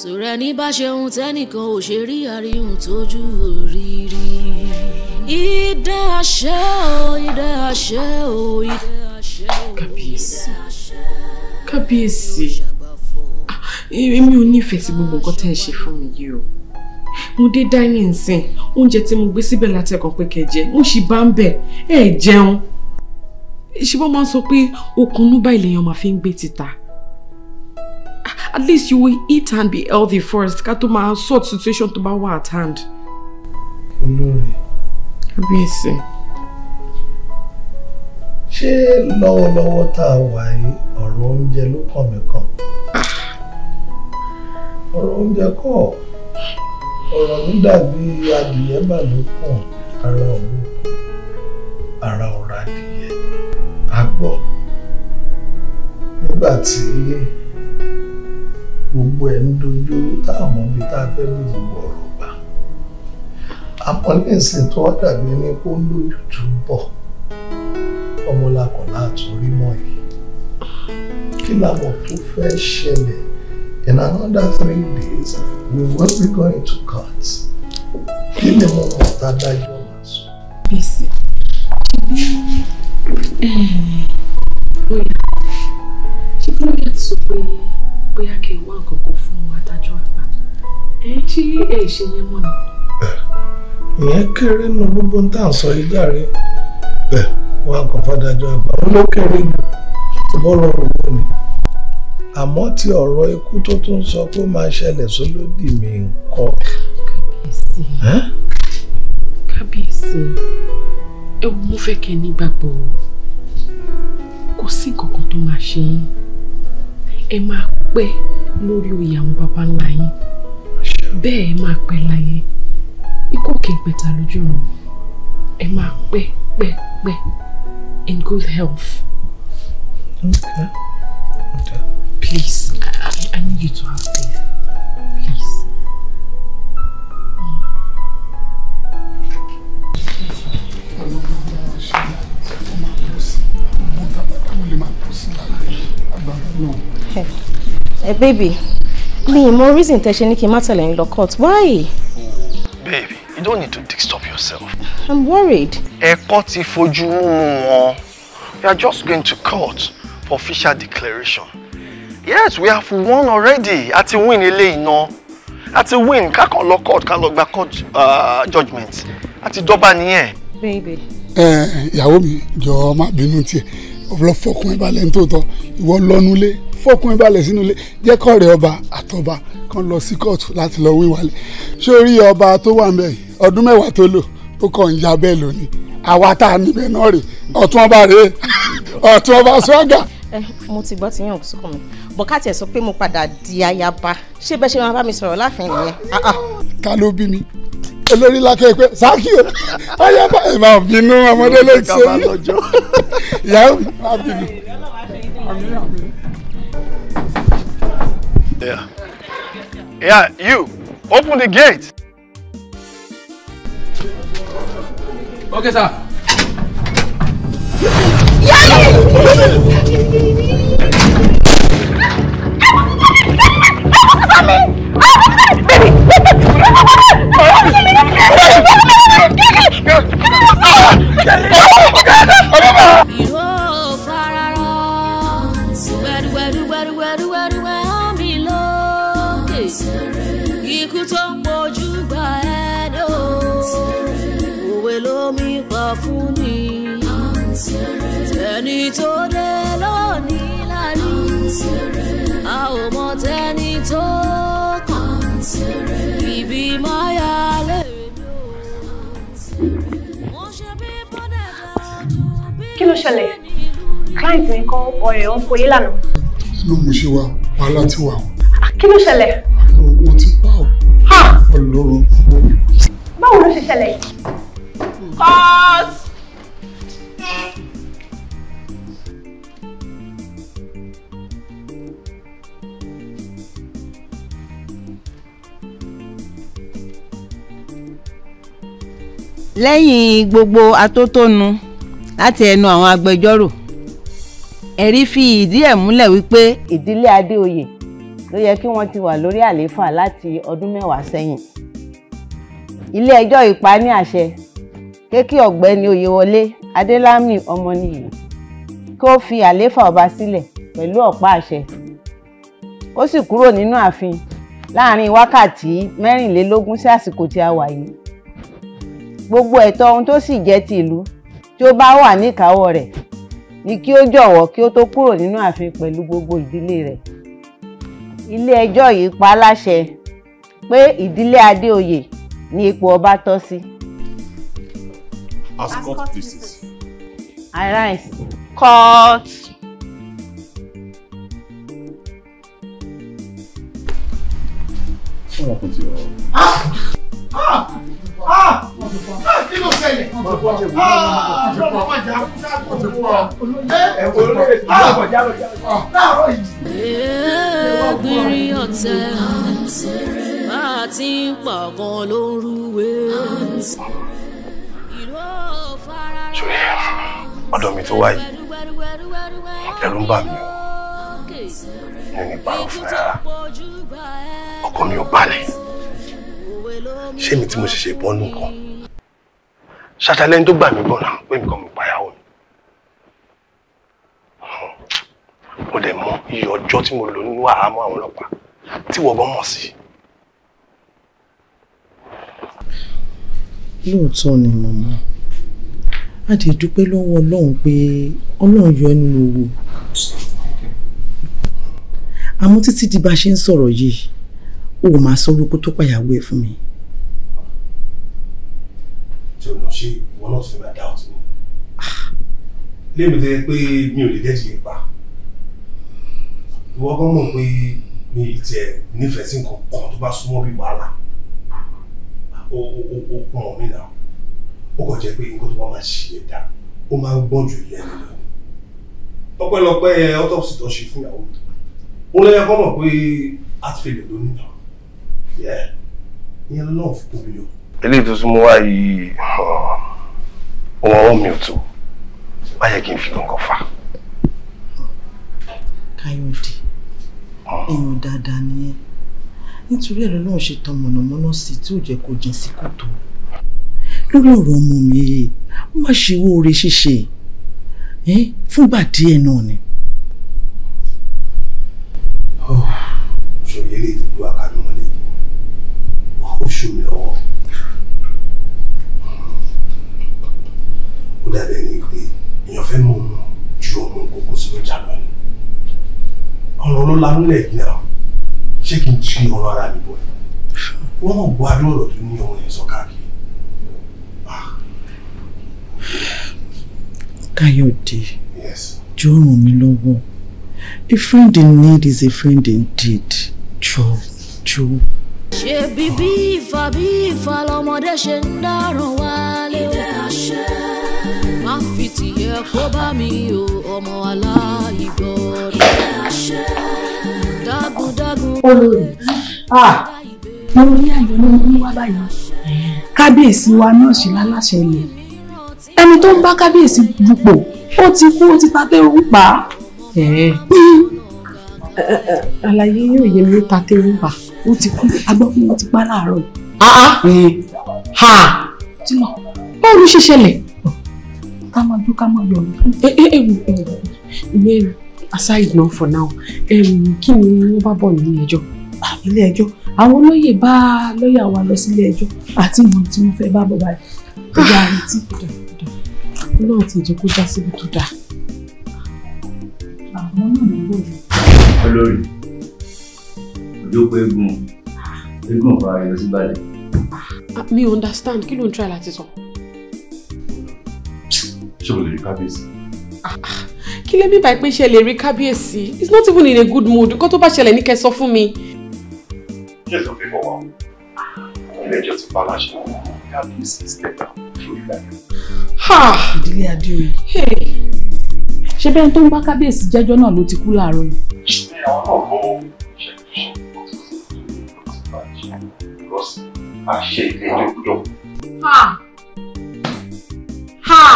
[SPEAKER 3] sọ̀rọ̀ ẹni bá ṣe ohun tẹ́nìkan ò ṣe rí àríhùn tójú òrìrì. ìdẹ àṣẹ o ìdẹ àṣẹ o ìdẹ àṣẹ o. kábíyèsí kábíyèsí ah, e, èmi ò nífẹ̀ẹ́ sí gbogbo nǹkan tẹ́ ẹ ṣe fún mi yìí o mo dé dining sin oúnjẹ tí
[SPEAKER 1] mo gbé síbẹ̀ látẹ̀kàn pé kẹ́ jẹ mo sì bá ń bẹ̀ ẹ jẹun ṣùgbọ́n máa
[SPEAKER 3] ń sọ pé okùnú báyìí lèèyàn máa fi ń gbé títa at least you will eat and be healthy first ká tó máa sort situation tó bá wà at hand.
[SPEAKER 1] olórí. kábíyèsí. ṣé lọ́wọ́lọ́wọ́ tá a wà yìí ọ̀rọ̀ oúnjẹ ló kàn mí kàn. Ah. ọ̀rọ̀ oúnjẹ kọ́ ọ̀rọ̀ mi dàbí adìyẹ
[SPEAKER 5] bàlúkùn ara òru ara ọ̀rọ̀ adìyẹ á gbọ́ nígbà tí
[SPEAKER 2] gbogbo
[SPEAKER 1] ẹ̀ ń dojú tá a mọ̀ bí tá a fẹ́ lò gbogbo ọ̀rọ̀ gbà àmọ́ ní ìsìn tó wá dàbí ẹni kó ń lójú bọ̀ ọmọlàkọ̀ láàtún rí mọ́ yìí kí làwọn tó fẹ́ ṣẹlẹ̀ in another three days we will be going to court kí ni mo mọ̀ tá a dájọ́ máa sọ.
[SPEAKER 3] bísí lóyà ṣé lóyà ti sọ pé bóyá kí n wá nǹkan kan
[SPEAKER 2] fún adájọ́ àgbà ẹ ṣé ẹ ṣe yẹn mọ́ ni. ìyẹn
[SPEAKER 1] kéré nu gbogbo ń tà ń sọ yìí jàre bẹ́ẹ̀ wá nǹkan fàdájọ́ àgbà ó ló kéré nù tó bọ́ rọrùn lónìí àmọ́ tí ọ̀rọ̀ ikú tó tún sọ pé ó máa ṣẹlẹ̀ sólódì mi nǹkan. kábíyèsí
[SPEAKER 3] kábíyèsí ewu mo fẹ́ kẹ́ nígbàgbọ́ o sí nǹkan kan tó máa ṣe yín ẹ máa pẹ́ lórí oyè àwọn baba ńlá yín bẹ́ẹ̀ ẹ máa pẹ́ láyé ikú kì í pẹ̀ta lójú rẹ̀ ẹ máa pẹ́ pẹ́ pẹ́ in good health. Okay. Okay. Please, I, I need you to have. hey, eh, eh, baby me mo reason tẹ ṣe ní kí n má tẹ̀lé court why.
[SPEAKER 1] baby you don't need to disturb yourself.
[SPEAKER 3] i'm worried.
[SPEAKER 1] A ti fojú you, we are just going to court for official declaration. yes we have won already àti win ilé iná àti win kákan lọ court ká lọ gba court uh, judgement àti dọ́bà nìyẹn. baby. Eh, ìyàwó mi jọ̀ọ́ má bínú tiẹ̀ ọ̀rọ̀ fọkùn ìbalẹ̀ nítòótọ́ ìwọ lọ́nulé fọkùn ìbalẹ̀ sínúlé jẹ́ kọ́ọ̀rẹ́ ọba àtọba kan lọ sí kóòtù láti lọ wíwalẹ̀ sórí ọba tó wà mẹ́ẹ̀ ọdún mẹ́wàá tó lò ó kàn ń ya bẹ́ẹ̀ lónìí àwa tá a níbẹ̀ náà rè ọ̀tún ọba rè ọ̀tún ọba
[SPEAKER 3] sọ́gà. mo ti gbọ́ ti yàn kó sókò mi bọ́kátì ẹ̀ sọ pé mo padà di ayaba ṣé bẹ́ẹ̀ ṣe máa bá mi sọ̀rọ̀ láàfin nìyẹn. ká ah,
[SPEAKER 1] ah. ló bí mi olórí lákẹ́ pé sákì o ayé bá máa bínú ọmọdé ló ti ṣe ìyá máa bínú. Yeah. Yeah, you open the gate. Okay, sir.
[SPEAKER 2] Baby, baby, baby, baby, baby
[SPEAKER 3] ikú tó ń pojú gba ẹ̀dọ́ òwe lómi pa fún mi ẹni tó dé lónìí lárí a ò mọ tẹni tó. kí ló ṣẹlẹ̀ client mi kọ́ ọ̀rẹ́ ọ̀ ń kó yé lánàá.
[SPEAKER 1] kí ló mú ṣe wá wàhálà ti wà.
[SPEAKER 3] Ah, kí ló ṣẹlẹ̀. wọ́n ti bá ọ. ọlọ́run. báwo ló ṣe ṣẹlẹ̀.
[SPEAKER 1] pause.
[SPEAKER 3] lẹ́yìn gbogbo atótónu láti ẹnu àwọn agbẹjọ́rò ẹ̀rí fi ìdí ẹ̀ múlẹ̀ wípé ìdílé Adéoyè ló yẹ kí wọ́n ti wà lórí àlééfà láti ọdún mẹ́wàá sẹ́yìn ilé ẹjọ́ ìpa ní àṣẹ kékè ọ̀gbẹ́ni Oyèwọlé Adélámì Ọmọnìyí kí ó fi àlééfà ọba sílẹ̀ pẹ̀lú ọ̀pá àṣẹ ó sì kúrò nínú ààfin láàrin wákàtí mẹ́rìnlélógún sí àsìkò tí a wà yìí gbogbo ẹ̀tọ́ ohun tó sì jẹ́ ti ìlú tí ó bá wà níkàáwọ́ rẹ̀ ni kí ó jọ̀wọ́ kí ó tó kúrò nínú ààfin pẹ̀lú gbogbo ìdílé rẹ̀ ilé ẹjọ́ yìí pa láṣẹ pé ìdílé Adéoyè ní ipò ọba tọ́ sí. as court arise court.
[SPEAKER 5] Ah!
[SPEAKER 2] Ah! Ah! Ah!
[SPEAKER 1] kí ló ṣẹlẹ̀ ọlọ́pàá jà kúta kó ti pọ̀ ah! ẹ wò ló lè fi jálọ jálọ
[SPEAKER 3] láàárọ̀ yìí. ẹgbẹ̀rin ọ̀tẹ̀ bá a ti ń pàgọ́ ló ń rúwé. ṣòye
[SPEAKER 1] ọ̀dọ̀ mi tó wáyé ẹ̀rù ń bà mí o mi ò ní parọ́ fún ọkọ mi ò balẹ̀ ṣé mi tí mo ṣẹ̀ṣẹ̀ bọ́ nù kan ṣàtàlẹ́ni tó gbà mí bọ̀ náà pé nǹkan mi payáwó mi mo dẹ̀ mọ iye ọjọ́ tí mo lò nínú àhámọ́ àwọn ọlọ́pàá tí wọ́n bọ́ mọ̀ sí. lóòótọ́ ni màmá a ti dúpẹ́ lọ́wọ́ ọlọ́run pé ọlọ́run yọ nínú owó àmọ́ títí di bá a ṣe ń sọ̀rọ̀ yìí o máa sọ orúkọ tó pàyàwó ẹ̀ fún mi
[SPEAKER 4] tí ò lọ ṣe ìwọ náà tún fẹ́ máa dáhùn tún mi lémi tó yẹ pé mi ò lè
[SPEAKER 1] dẹ́jì yẹn pa ìwọ gan mọ̀ pé mi ì tiẹ̀ nífẹ̀ẹ́
[SPEAKER 5] sí nǹkan kan tó bá súnmọ́ bí wàhálà ó kún mọ̀ mí náà ó kàn jẹ́ pé nǹkan tó bá máa ṣe ẹ̀dá
[SPEAKER 1] ó máa ń gbọ́n ju ìyẹn lọ ọpẹ́lọpẹ́ autopsy tó ṣe fún ìyàwó mi ó lẹ́yìn kọ́ mọ̀ pé heart failure ló
[SPEAKER 5] ní ìyẹn lọ́wọ́ fún kóbi yọ
[SPEAKER 1] eléyìí tó súnmọ́ wá yìí
[SPEAKER 4] ohun ọwọ́ mi ò tó wá yẹ kí n fi nǹkan fà.
[SPEAKER 1] káyọ̀dé èèyàn dáadáa nìyẹn nítorí ẹ̀ lọ́lọ́run ṣe tan mọ̀nàmọ́ná sí tí ò jẹ́ kó jìn sí kòtò lórí ọ̀rọ̀ ọmọ mi yìí má ṣe owó oore ṣíṣe fúngbà díẹ̀ náà ni.
[SPEAKER 5] ṣòye lè dúró
[SPEAKER 1] àkànú mọ́lẹ̀ yìí ó ṣù mí lọ́wọ́. dàbẹ̀ ni pé èèyàn fẹ́ mú un ju ọmọ kókó sínú ìjà ni ọ̀rọ̀ ló lanúlẹ̀ yìí náà ṣé kí n ti ọ̀rọ̀ ara mi bọ̀ wọ́n mọ̀ gbọ́ adé ọ̀rọ̀ tó ní ọmọ yẹn sọ káàkiri. Ah. Káyọ̀dé jọ̀ọ́ ràn lọ́wọ́ a friend in need is a friend indeed jọ̀ọ́
[SPEAKER 2] jọ̀ọ́.
[SPEAKER 3] ṣe bíbí ìfà bí ìfà lọmọdé ṣe ń dáràn wálé. ilé kó bá mi o ọmọ aláìgbọ́n. ilé àṣẹ. dágúndágún. olórí
[SPEAKER 1] mo ah,
[SPEAKER 3] rí àyọ̀ ní mo ní wá báyìí
[SPEAKER 1] kábíyèsí wa náà ṣe láláṣẹ ilẹ̀ ẹni tó ń bá kábíyèsí dupò ó ti kú ó ti ta tẹ́rù pa. àlàyé yóò yẹ mi ó ta tẹ́rù pa
[SPEAKER 3] ó ti kú agbọ́kùn ó ti pa láàárọ̀. tí ah, lọ ah, báwo ló ṣe ṣẹlẹ̀ ká máa jó ká máa yọ̀ ní. ẹ ẹ ẹ mary aside now for now kí ni wọ́n bá bọ̀ nínú ẹjọ́. ilé ẹjọ́ àwọn olóyè bá lọ́ọ̀yà wa lọ sílé ẹjọ́ àti ìmọ̀ tí wọ́n fẹ́ bá bọ̀ báyìí
[SPEAKER 1] ìyá àrètí ọlọ́run ti jẹ́ kó já síbi tó dáa.
[SPEAKER 3] àwọn náà ló
[SPEAKER 2] wò
[SPEAKER 4] ó. olórí ojú pé
[SPEAKER 6] eégún
[SPEAKER 1] eégún ọ̀pá ayọ̀ síbàlẹ̀.
[SPEAKER 3] Ah, mi ò understand kí ló ń try láti sọ. So?
[SPEAKER 1] ṣé mo lè rí kábíyèsí. kí lè mi bá pé ṣe lè rí kábíyèsí it's not even in a good mood kó tó bá ṣẹlẹ̀ ní kẹ́ sọ fún mi. ṣé èso fi bọ̀ wá ilé ẹjọ́ ti bá láṣẹ kábíyèsí step down lórí ìdájọ́. ìdílé adéoyè ṣé bẹ́ẹ̀ tó ń bá kábíyèsí jẹ́jọ́ náà ló ti kú láàárọ̀ yìí. ṣé àwọn náà
[SPEAKER 2] mọ ìṣẹ́jú ṣe lọ sí àṣẹ ilé ẹjọ́ gbọ́dọ̀.
[SPEAKER 3] Ha! Ha!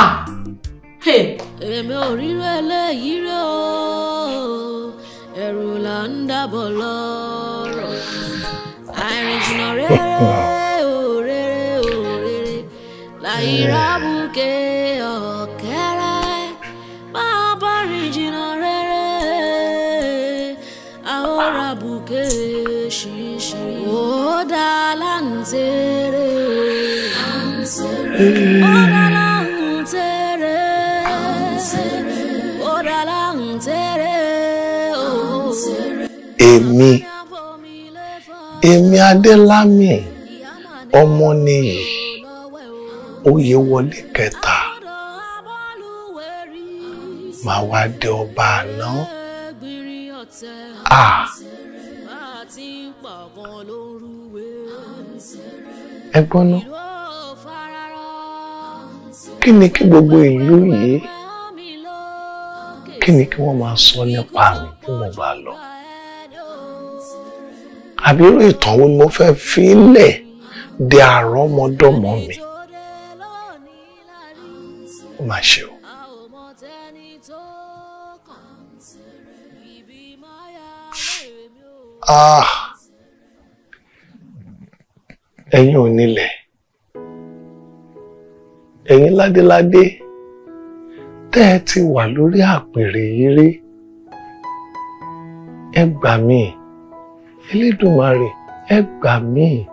[SPEAKER 3] èmi ò ríro eléyìí rẹ o ẹ̀rù là ń dábọ̀ lọ́rọ̀ àìrìn jìnnà rere o rere o rere láyìírá bùkẹ́ ọ̀kẹ́rẹ́ máa bá rìn jìnnà rere àhóra bùkẹ́ ṣíṣí ó dá láǹtẹ̀rẹ̀ ó dá láǹtẹ̀rẹ̀.
[SPEAKER 2] èmi
[SPEAKER 1] èmi adélámì ọmọ nìyí oyè wọlé kẹta màá wá dé
[SPEAKER 3] ọba àná à
[SPEAKER 1] ẹ gbọ́ná kí ni kí gbogbo ìlú yìí kí ni kí wọ́n máa sọ nípa mi
[SPEAKER 5] tí mo bá lọ
[SPEAKER 1] àbí irú ìtàn wo ni mo fẹ́ fi lẹ̀ de àrọ́mọdọ́mọ mi
[SPEAKER 5] ó mà ṣe o. ah
[SPEAKER 1] ẹ̀yin ò nílẹ̀ ẹ̀yin ládéládé tẹ́ ẹ ti wà lórí àpèrè eré ẹ gbà míì. Elédùmarè ẹ gbà mí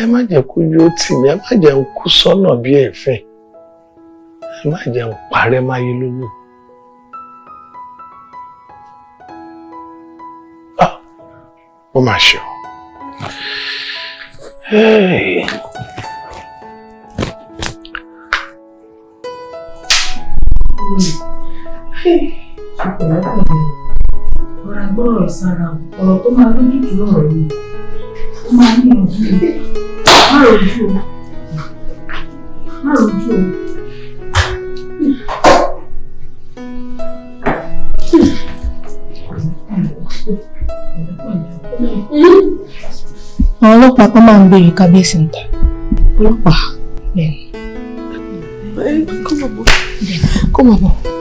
[SPEAKER 1] ẹ má jẹ́ kó yóò tì mí ẹ má jẹ́ ń kú sọ́nà bí ẹ̀fìn ẹ má jẹ́ ń parẹ́ máyé lówó.
[SPEAKER 5] Ah, ó mà ṣe o.
[SPEAKER 3] ọ̀rọ̀ tó máa lójútùú lọ́rọ̀ yìí
[SPEAKER 1] ó máa ní ìyànjú
[SPEAKER 3] rẹ̀ má rojú o
[SPEAKER 2] má rojú o. àwọn ọlọ́pàá kan máa ń béèrè kábíyèsí ń ọlọ́pàá bẹ́ẹ̀ ni. kó mọ̀ bọ̀ kó mọ̀ bọ̀.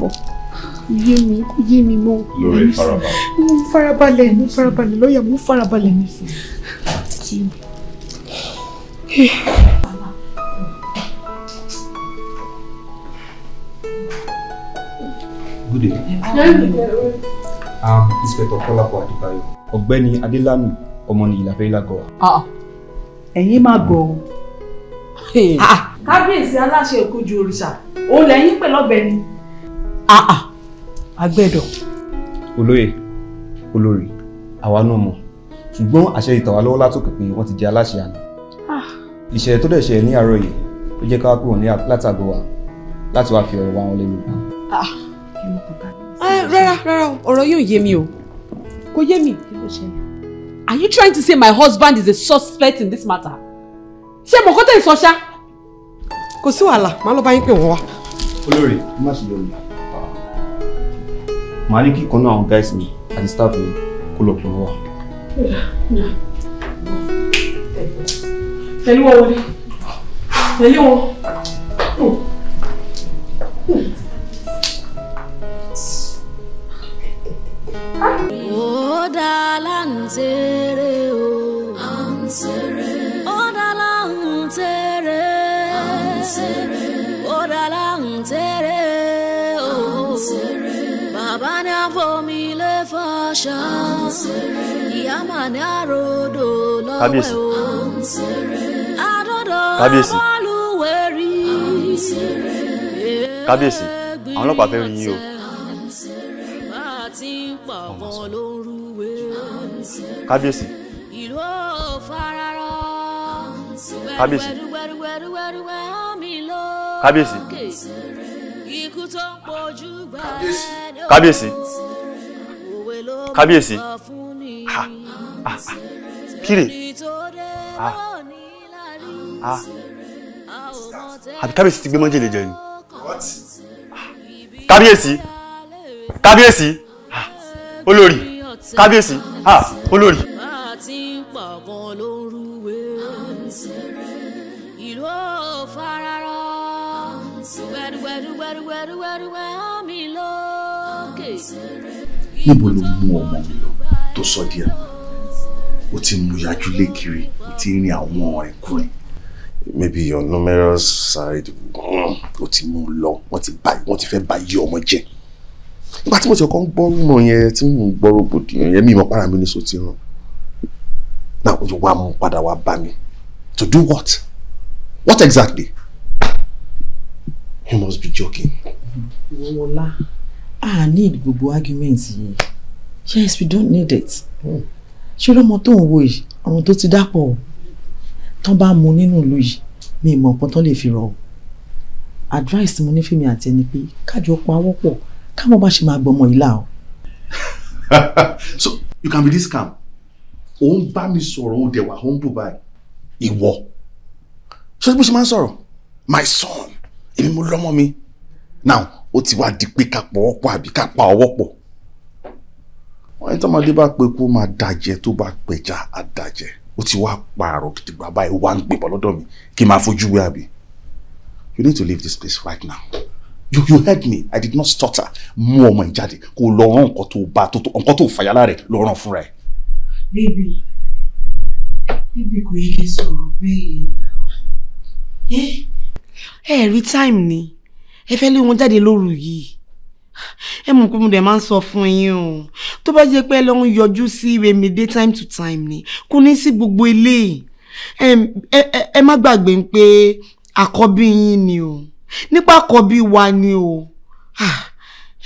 [SPEAKER 1] bọ̀ yé mi kò yé mi mọ́. lórí farabalẹ̀. mo farabalẹ̀ mo farabalẹ̀ lọ́ọ̀yà mo farabalẹ̀ nísìnyí.
[SPEAKER 3] Good evening. I'm Inspector
[SPEAKER 1] Kọ́lápọ̀ Adébáyọ̀. Ọ̀gbẹ́ni Adélami Ọmọnìyí Láfẹ́lágọ́wà. Ah. Ẹ̀yin máa
[SPEAKER 2] gọ̀ o. Ah.
[SPEAKER 3] Kábíyèsí aláṣẹ ìkojú òrìṣà, òun lẹ́yìn pẹ̀lú ọ̀bẹ ni àà
[SPEAKER 1] ah, àgbẹ̀dọ̀. Ah. olóyè olórí àwa náà mọ̀ ṣùgbọ́n àṣẹ ìtàwá lọ́wọ́ látòkè pé wọ́n ti di aláṣẹ àná ah. ìṣẹ̀lẹ̀ tó dẹ̀ ṣẹlẹ̀ ní àárọ̀ yìí ó jẹ́ ká kúrò ní látàgọ́ wa láti wá fi ọ̀rọ̀ wa
[SPEAKER 3] wọn lẹ́nu. Eh, rárá rárá ọ̀rọ̀ yóò yé mi o kò yé mi. are you trying to say my husband is a suspect in this matter?
[SPEAKER 1] ṣé mo kọ́ tẹ̀ sọ ṣá. kò sí wàhálà màá lọ bá yín pè wọ́n wá. olórí má ṣe lè màá ní kí kan náà àwọn guys mi àti staff mi kó lọ pọ̀ wá. tẹ̀lé wọn wọlé tẹ̀lé wọn.
[SPEAKER 3] ó dá láǹtẹ̀rẹ̀ o. àǹtẹ̀rẹ̀. ó dá Mana vomi Kábíyèsí,
[SPEAKER 2] àwọn ọlọ́pàá fẹ́ rí yín o.
[SPEAKER 3] Kábíyèsí.
[SPEAKER 1] Kábíyèsí. Kábíyèsí. Kábíyèsí kábíyèsí kábíyèsí
[SPEAKER 3] ha ha ha kíre ha ha
[SPEAKER 1] àbí kábíyèsí ti gbé mọ́jèlè jẹ ni kábíyèsí kábíyèsí ha olórí kábíyèsí ha olórí.
[SPEAKER 3] ìlú ò fararọ gbẹdúgbẹdúgbẹdúgbẹdúgbẹdúgbẹ
[SPEAKER 5] níbo ló mú ọmọ mi lọ tó sọ díẹ̀ o ti mú yájú lé kiri o ti rin àwọn ẹkùnrin
[SPEAKER 1] maybe your numerous side o ti mú lọ wọ́n ti bá wọ́n ti fẹ́ bà yí ọmọ jẹ́ nígbà tí mo ti kọ́ ń gbọ́ rúmọ̀ yẹn tí mo ń gbọ́ rògbòdìyàn yẹn mi ìmọ̀ para mi ní so ti ràn náà o wá mú padà wá bá mi to do what what exactly you must be joking. wọ́n wọ́n lá. Ah, I need gbogbo argument yìí yes we don't need it hmm. ṣé lọ́mọ tó ń wo yìí ọ̀run tó ti dápọ̀ o tán bá mu nínú ìlú yìí mi ìmọ̀ ọ̀pọ̀ tán lè fi rọ̀ o advice mo ní fèmí àti ẹni pé kájọ pawọ́ pọ̀ káwọn bá ṣe máa gbọmọ ìlà o. *laughs* so you can be this calm ò ń bá mi sọ̀rọ̀ ó dẹ̀ wà ó ń bù báyìí ìwọ ṣé bó ṣe máa ń sọ̀rọ̀ my son èmi mo lọ́mọ mi now ó ti wá di pé ká pọ̀ ọ́pọ̀ àbí ká pa ọwọ́ pọ̀ wọ́n ní tọ́mọdé bá pe kó máa dàjẹ́ tó bá pẹja àdàjẹ́ ó ti wá pààrọ̀ gidigba báyìí wá ń gbébọn lọ́dọ̀ mi kí n máa fojú wé àbí you need to leave this place right now you you heard me i did not stutter mú ọmọ ẹ jáde kó lọ rán nǹkan tó bá tó nǹkan tó fàyàlá rẹ lọ rán fúnra ẹ. bébì bébì kò yẹ kí n sọ̀rọ̀ bẹ́ẹ̀ yẹn ẹ eh? ẹ rí táìmù ni ẹ fẹ́ lé wọn jáde lóru yìí ẹ mọ̀ pé mo dẹ̀ máa ń sọ fún yín o tó bá jẹ́ pé ẹ lọ́n yọjú sí Remide time to time ni kò ní sí gbogbo eléyìí ẹ má gbàgbé pé àkọ́bí yín ni o nípa àkọ́bí wa ni o. Ah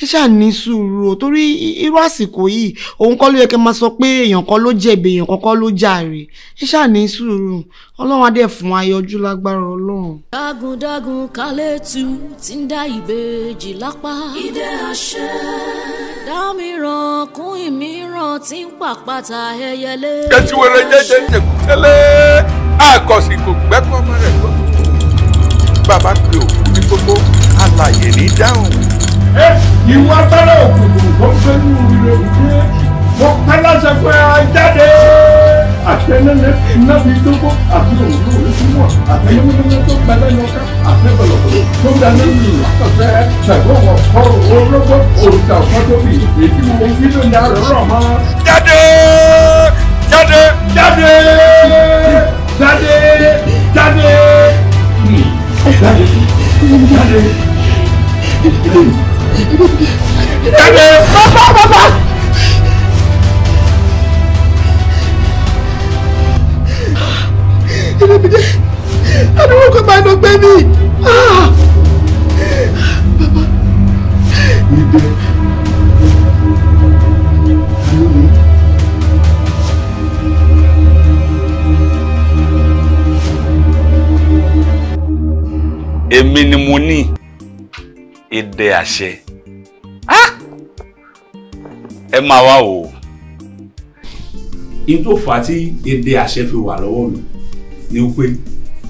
[SPEAKER 1] ẹ ṣáà ní sùúrù torí irú àsìkò yìí òun kọ́ ló yẹ kẹ́ máa sọ pé èèyàn kan ló jẹ̀bi èèyàn kan kọ́ ló jàre ẹ ní sùúrù ọlọ́run adé
[SPEAKER 3] fún ayọjú lágbára ọlọ́run. dágundágun kálẹ̀ tu ti ń dá ìbejì lápá. ìdẹ àṣẹ. dámìíràn kún ìmíràn tí ń pàpàtà ẹyẹlé. kẹ́sì wẹrẹ
[SPEAKER 4] jẹ́jẹ́ jẹ̀kútẹ́lẹ́ àkọsí kò gbẹ́kọ̀ ọmọ rẹ̀ bàbá pé òkú ní gbogbo alàyè ní dáhùn. Hey! ìwà tọ́lá òkùnkùn tó ń fẹ́ nínú ìrè òkúrẹ́ wọ́n pẹ́ láṣẹ pé a jáde àtẹnẹlẹ nàbí dógó àti òwúrò olùsúmọ àtẹyẹmọlẹ tó gbẹlẹ yọká àtẹbọlọbọlọ tó ń dalẹ ní ìlàkọsẹ tẹgbọwọ ọrọ ológbò òrùka ọkọtọbì èyí wo nílò ní àrọrọ mọ.
[SPEAKER 1] jáde jáde jáde
[SPEAKER 2] jáde jáde jáde jáde. Dade! Papa! Papa! Ìrẹ̀bìdẹ́,
[SPEAKER 1] àdúgbò kan máa ń lọ gbẹ́ mi.
[SPEAKER 4] Bàbá, ìbẹ̀.
[SPEAKER 1] Èmi ni mo ní ìdẹ àṣẹ ẹ máa wá o. in tó fà á tí èdè àṣẹ fi wà lọ́wọ́ mi ni pé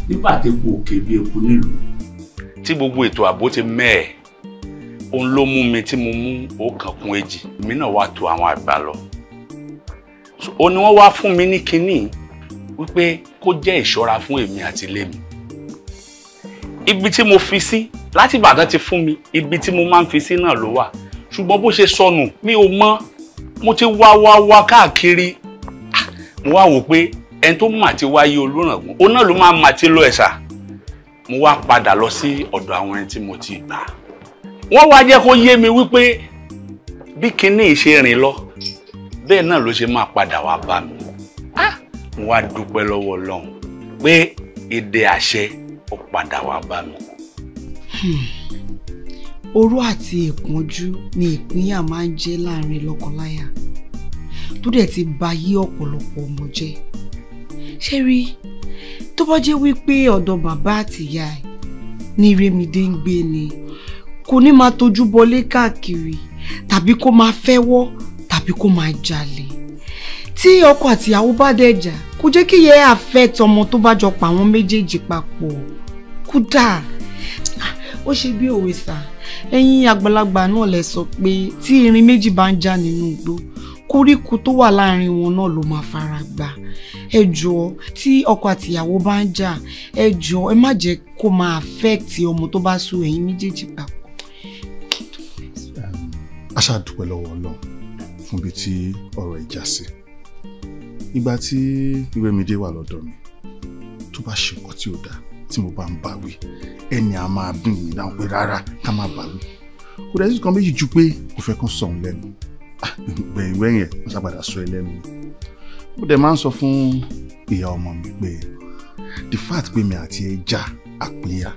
[SPEAKER 1] nígbà tí epo òkè bí epo nílùú tí gbogbo ètò ààbò ti mẹ́ẹ̀ òun ló mú mi tí mo mú ọ̀kan kún èjì èmi náà wá tó àwọn àgbà lọ ó ní wọ́n wá fún mi ní kinní wípé kó jẹ́ ìṣọ́ra fún èmi àti ilé mi ibi tí mo fi sí láti Ìbàdàn ti fún mi ibi tí mo máa ń fi sí náà ló wà ṣùgbọ́n bó ṣe sọnù mi ò mọ̀ mo ti wá wá wá káàkiri ah, mo wá wò pé ẹni tó mà ti wáyé olóràngún òun náà ló máa mà ti lọ ẹ̀sà mo wá padà lọ sí ọ̀dọ̀ àwọn ẹni tí mo ti gbà wọ́n wá jẹ́ kó yé mi wípé bí kinní ṣe rìn lọ bẹ́ẹ̀ náà ló ṣe máa padà wá bá mi ah, mo wá dúpẹ́ lọ́wọ́ ọlọ́run pé èdè àṣẹ ó padà wá bá mi.
[SPEAKER 2] Hmm
[SPEAKER 1] oró àti ìpọ́njú ni ìpínyà máa ń jẹ́ láàrin lọ́kọláya tó dẹ̀ ti ba yí ọ̀pọ̀lọpọ̀ ọmọ jẹ́ ṣé rí tó bá jẹ́ wípé ọ̀dọ̀ bàbá àtìyá ẹ̀ ní Rẹ́mídé ń gbé ni kò ní máa tójú bọlé káàkiri tàbí kó máa fẹ́wọ́ tàbí kó máa jalè tí ọkọ àtìyàwó bá dẹ̀ jà kò jẹ́ kí yẹ àfẹ́ tọmọ tó bá jọ pa àwọn méjèèjì papọ̀ kódà ó ṣe bí òwe sáà ẹ̀yin àgbàlagbà náà lẹ sọ pé tí erin méjì bá ń jà nínú igbó koríko tó wà láàrin wọn náà ló máa fara gbà ẹ jọ̀ọ́ tí ọkọ àtìyàwó bá ń jà ẹ jọ̀ọ́ ẹ má jẹ́ kó máa affect ọmọ tó bá so ẹ̀yin méjèèjì papọ̀. a ṣáà dúpẹ́ lọ́wọ́ ọlọ́run fún ibi tí ọ̀rọ̀ ìjà sí ìgbà tí ìwé wà lọ́dọ̀ mi tó bá ṣe nǹkan tí ò dáa tí mo bá ń bá wí ẹni a máa dùn mí dáhùn pé rárá ká má bá wí kò dẹ̀ sí kan méjì ju pé kò fẹ́ kán sọ̀hún lẹ́nu gbẹ̀yìn ah, gbẹ̀yìn ẹ̀ wọ́n ṣàpadà sọ ẹ lẹ́nu mo dẹ̀ máa ń sọ fún ìyá ọmọ mi pé the fact pé mi àti ẹ já àpínyà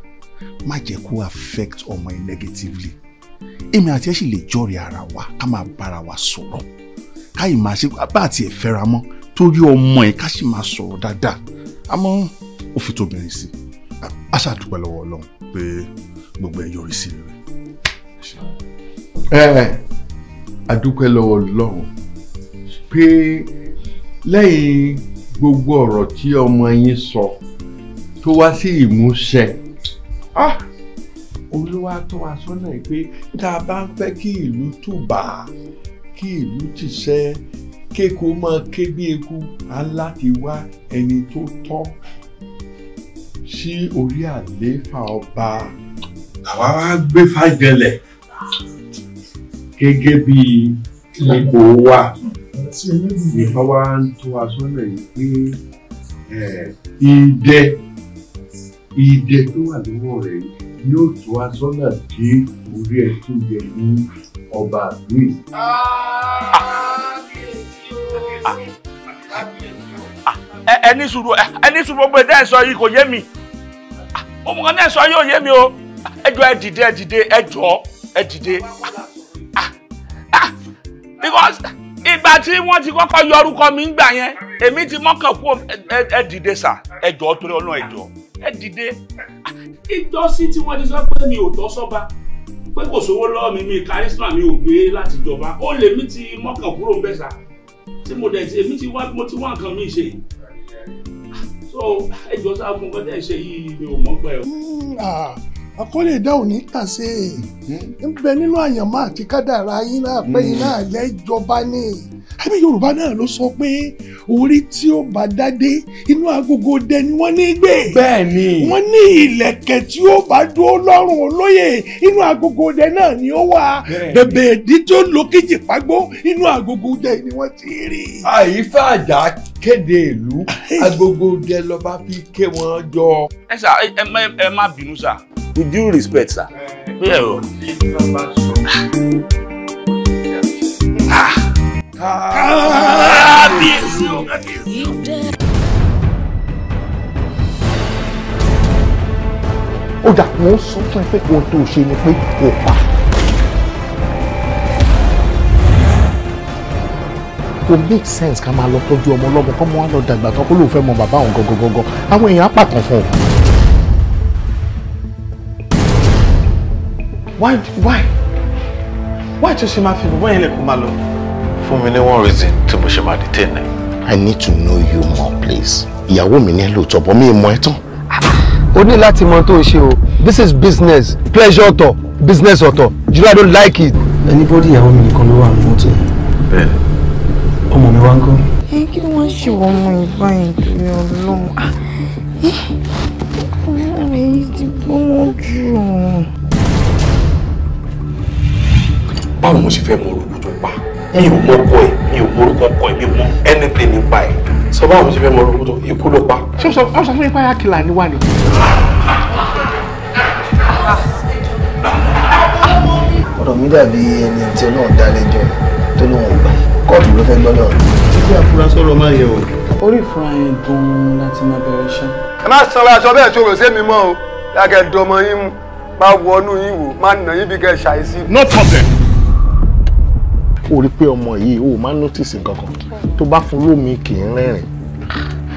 [SPEAKER 1] má jẹ́ kó affect ọmọ yẹn negatively èmi àti ẹ sì lè jọ̀rẹ̀ ara wa ká máa bára wa sọ̀rọ̀ ká ì máa ṣe bá àti ẹ̀ fẹ́ra mọ́ torí ọmọ ẹ̀ ká sì máa sọ̀rọ̀ dáadáa àmọ́ ó fi tóbi rìn sí i a ṣàdúpẹ́ lọ́wọ́ ọlọ́run pé gbogbo ẹ̀ yọrí sí rere. ẹ a dúpẹ́ lọ́wọ́ ọlọ́run pé lẹ́yìn gbogbo ọ̀rọ̀ tí ọmọ yín sọ tó wá sí ìmúṣẹ ah, olúwa tó wá sọ́nà pé tá a bá ń fẹ́ kí ìlú tùbà kí ìlú tìṣẹ́ kéko máa ké bí eku aláti wá ẹni tó tọ́ sí orí àléfà ọba làwa wá gbé fàjẹlẹ̀
[SPEAKER 4] gẹ́gẹ́ bí ipò wa
[SPEAKER 1] nípa wa ń tó wa sọ́nà yìí pé
[SPEAKER 4] idẹ
[SPEAKER 1] idẹ tó wà lọ́wọ́ rẹ̀ yóò tó wa sọ́nà dé orí ẹ̀ tó yẹ ní
[SPEAKER 5] ọba àdúgbò yìí.
[SPEAKER 1] ẹni sùúrù ẹni sùúrù gbogbo ẹ̀dá ẹ̀ sọ yìí kò yé mi ohun kan náà sọ yóò yé mi o ẹjọ ẹ dìde ẹ dìde ẹjọ ẹ dìde because ìgbà tí wọ́n ti kọ́kọ́ yọ orúkọ mi ń gbà yẹn èmi ti mọ́kàn kú ẹ dìde sà ẹjọ torí ọlọ́run ẹjọ ẹ dìde. ìjọsí tí wọ́n ti sọ pé mi ò tọ́ sọ́ba pé kò sówó lọ́wọ́ mi mi kárísímà mi ò gbé láti jọba ó lèmi ti mọ́kàn kúrò ń bẹ̀ sà tí mo dẹ̀ ti èmi ti wá nǹkan mi ṣe so ẹjọ́ sáà fún kọ́tẹ́ ṣe yìí ni ò mọ́ pẹ́ o.
[SPEAKER 4] Hmm, ah akọ́lé ìdá ò ní tàn ṣe mhm. ń bẹ nínú àyànmọ́ àti kádàrá yín náà pé yín mhm. náà lẹ́jọba ni àbí yorùbá náà ló sọ pé orí tí ó bá dádé inú agogo dẹ ni wọ́n ní gbé bẹ́ẹ̀ ni wọ́n ní ìlẹ̀kẹ̀ tí ó bá dúró lọ́rùn olóyè inú agogo dẹ náà ni ó wà bẹ̀bẹ̀ ìdí tó lókìjì pàgbó inú agogo dẹ ni wọ́n ti rí. àyífẹ́ àjà kéde ìlú agogo dẹ lọ́ba fi ké wọn jọ.
[SPEAKER 1] ẹ sà ẹ má bínú sà with due respect sir. Yeah. Oh.
[SPEAKER 2] Ah. Ah. o kábíyèsí o.
[SPEAKER 1] ó dà mò ń sọ fún ẹ pé ohun tó ṣe ni pé kò pa. kò make sense ká máa lọ tọ́jú ọmọ ọlọ́mọ kọ́ mọ́ wá lọ dàgbà tán kó lóun fẹ́ mọ bàbá òun gangan gangan àwọn èèyàn á pàtàn fún un. why why why tó ṣe máa fi bọ́ yẹn lè kó máa lọ.
[SPEAKER 5] fún mi ní one reason To mo ṣe
[SPEAKER 1] máa detain I need to know you more please. ìyàwó mi ní ẹ lóòótọ́ bọ́ me ì mọ ẹ tán. o ní láti mọ tó this is business pleasure ọ̀tọ̀ business ọ̀tọ̀ you know I don't like it. anybody ìyàwó mi nìkan ló wà ní mọ́tò yẹn. bẹ́ẹ̀ ọmọ mi
[SPEAKER 2] wá ń kọ́.
[SPEAKER 3] ẹ kí ni wọ́n ṣe wọ́n mọ ìgbà yẹn torí ọlọ́run ah,
[SPEAKER 2] ọ̀rẹ́ yìí ti gbọ́n jù.
[SPEAKER 1] báwo mo ṣe fẹ́ mọ orúkọ tó pa mi ò mọ ọkọ ẹ̀ mi ò mọ orúkọ ọkọ ẹ̀ mi ò mọ anything nípa ẹ̀ sọ báwo mo ṣe fẹ́ mọ orúkọ tó ikú ló pa. ṣé o sọ fún mi pé ayákìlá ni wà ní. ọ̀rọ̀ mi dàbí ẹni tí ọlọ́run dá lẹ́jọ́ tó lóun gbà kóòtù ló fẹ́ gbọ́dọ̀. títí àfúrásọ ọ̀rọ̀ máa yẹ o. orí ìfura yẹn gan-an láti máa bẹ̀rẹ̀ iṣẹ́. ẹ má sanra aṣọ bẹ́ẹ̀ ṣòro sí mọ́ o lákẹ́ dọmọ yín máa wọnú yín wò máa nà yín bí kẹ́ ṣàìsí. no problem o rí pé ọmọ yìí o máa notice nǹkan kan tó bá fún lómi kì í rẹ́rìn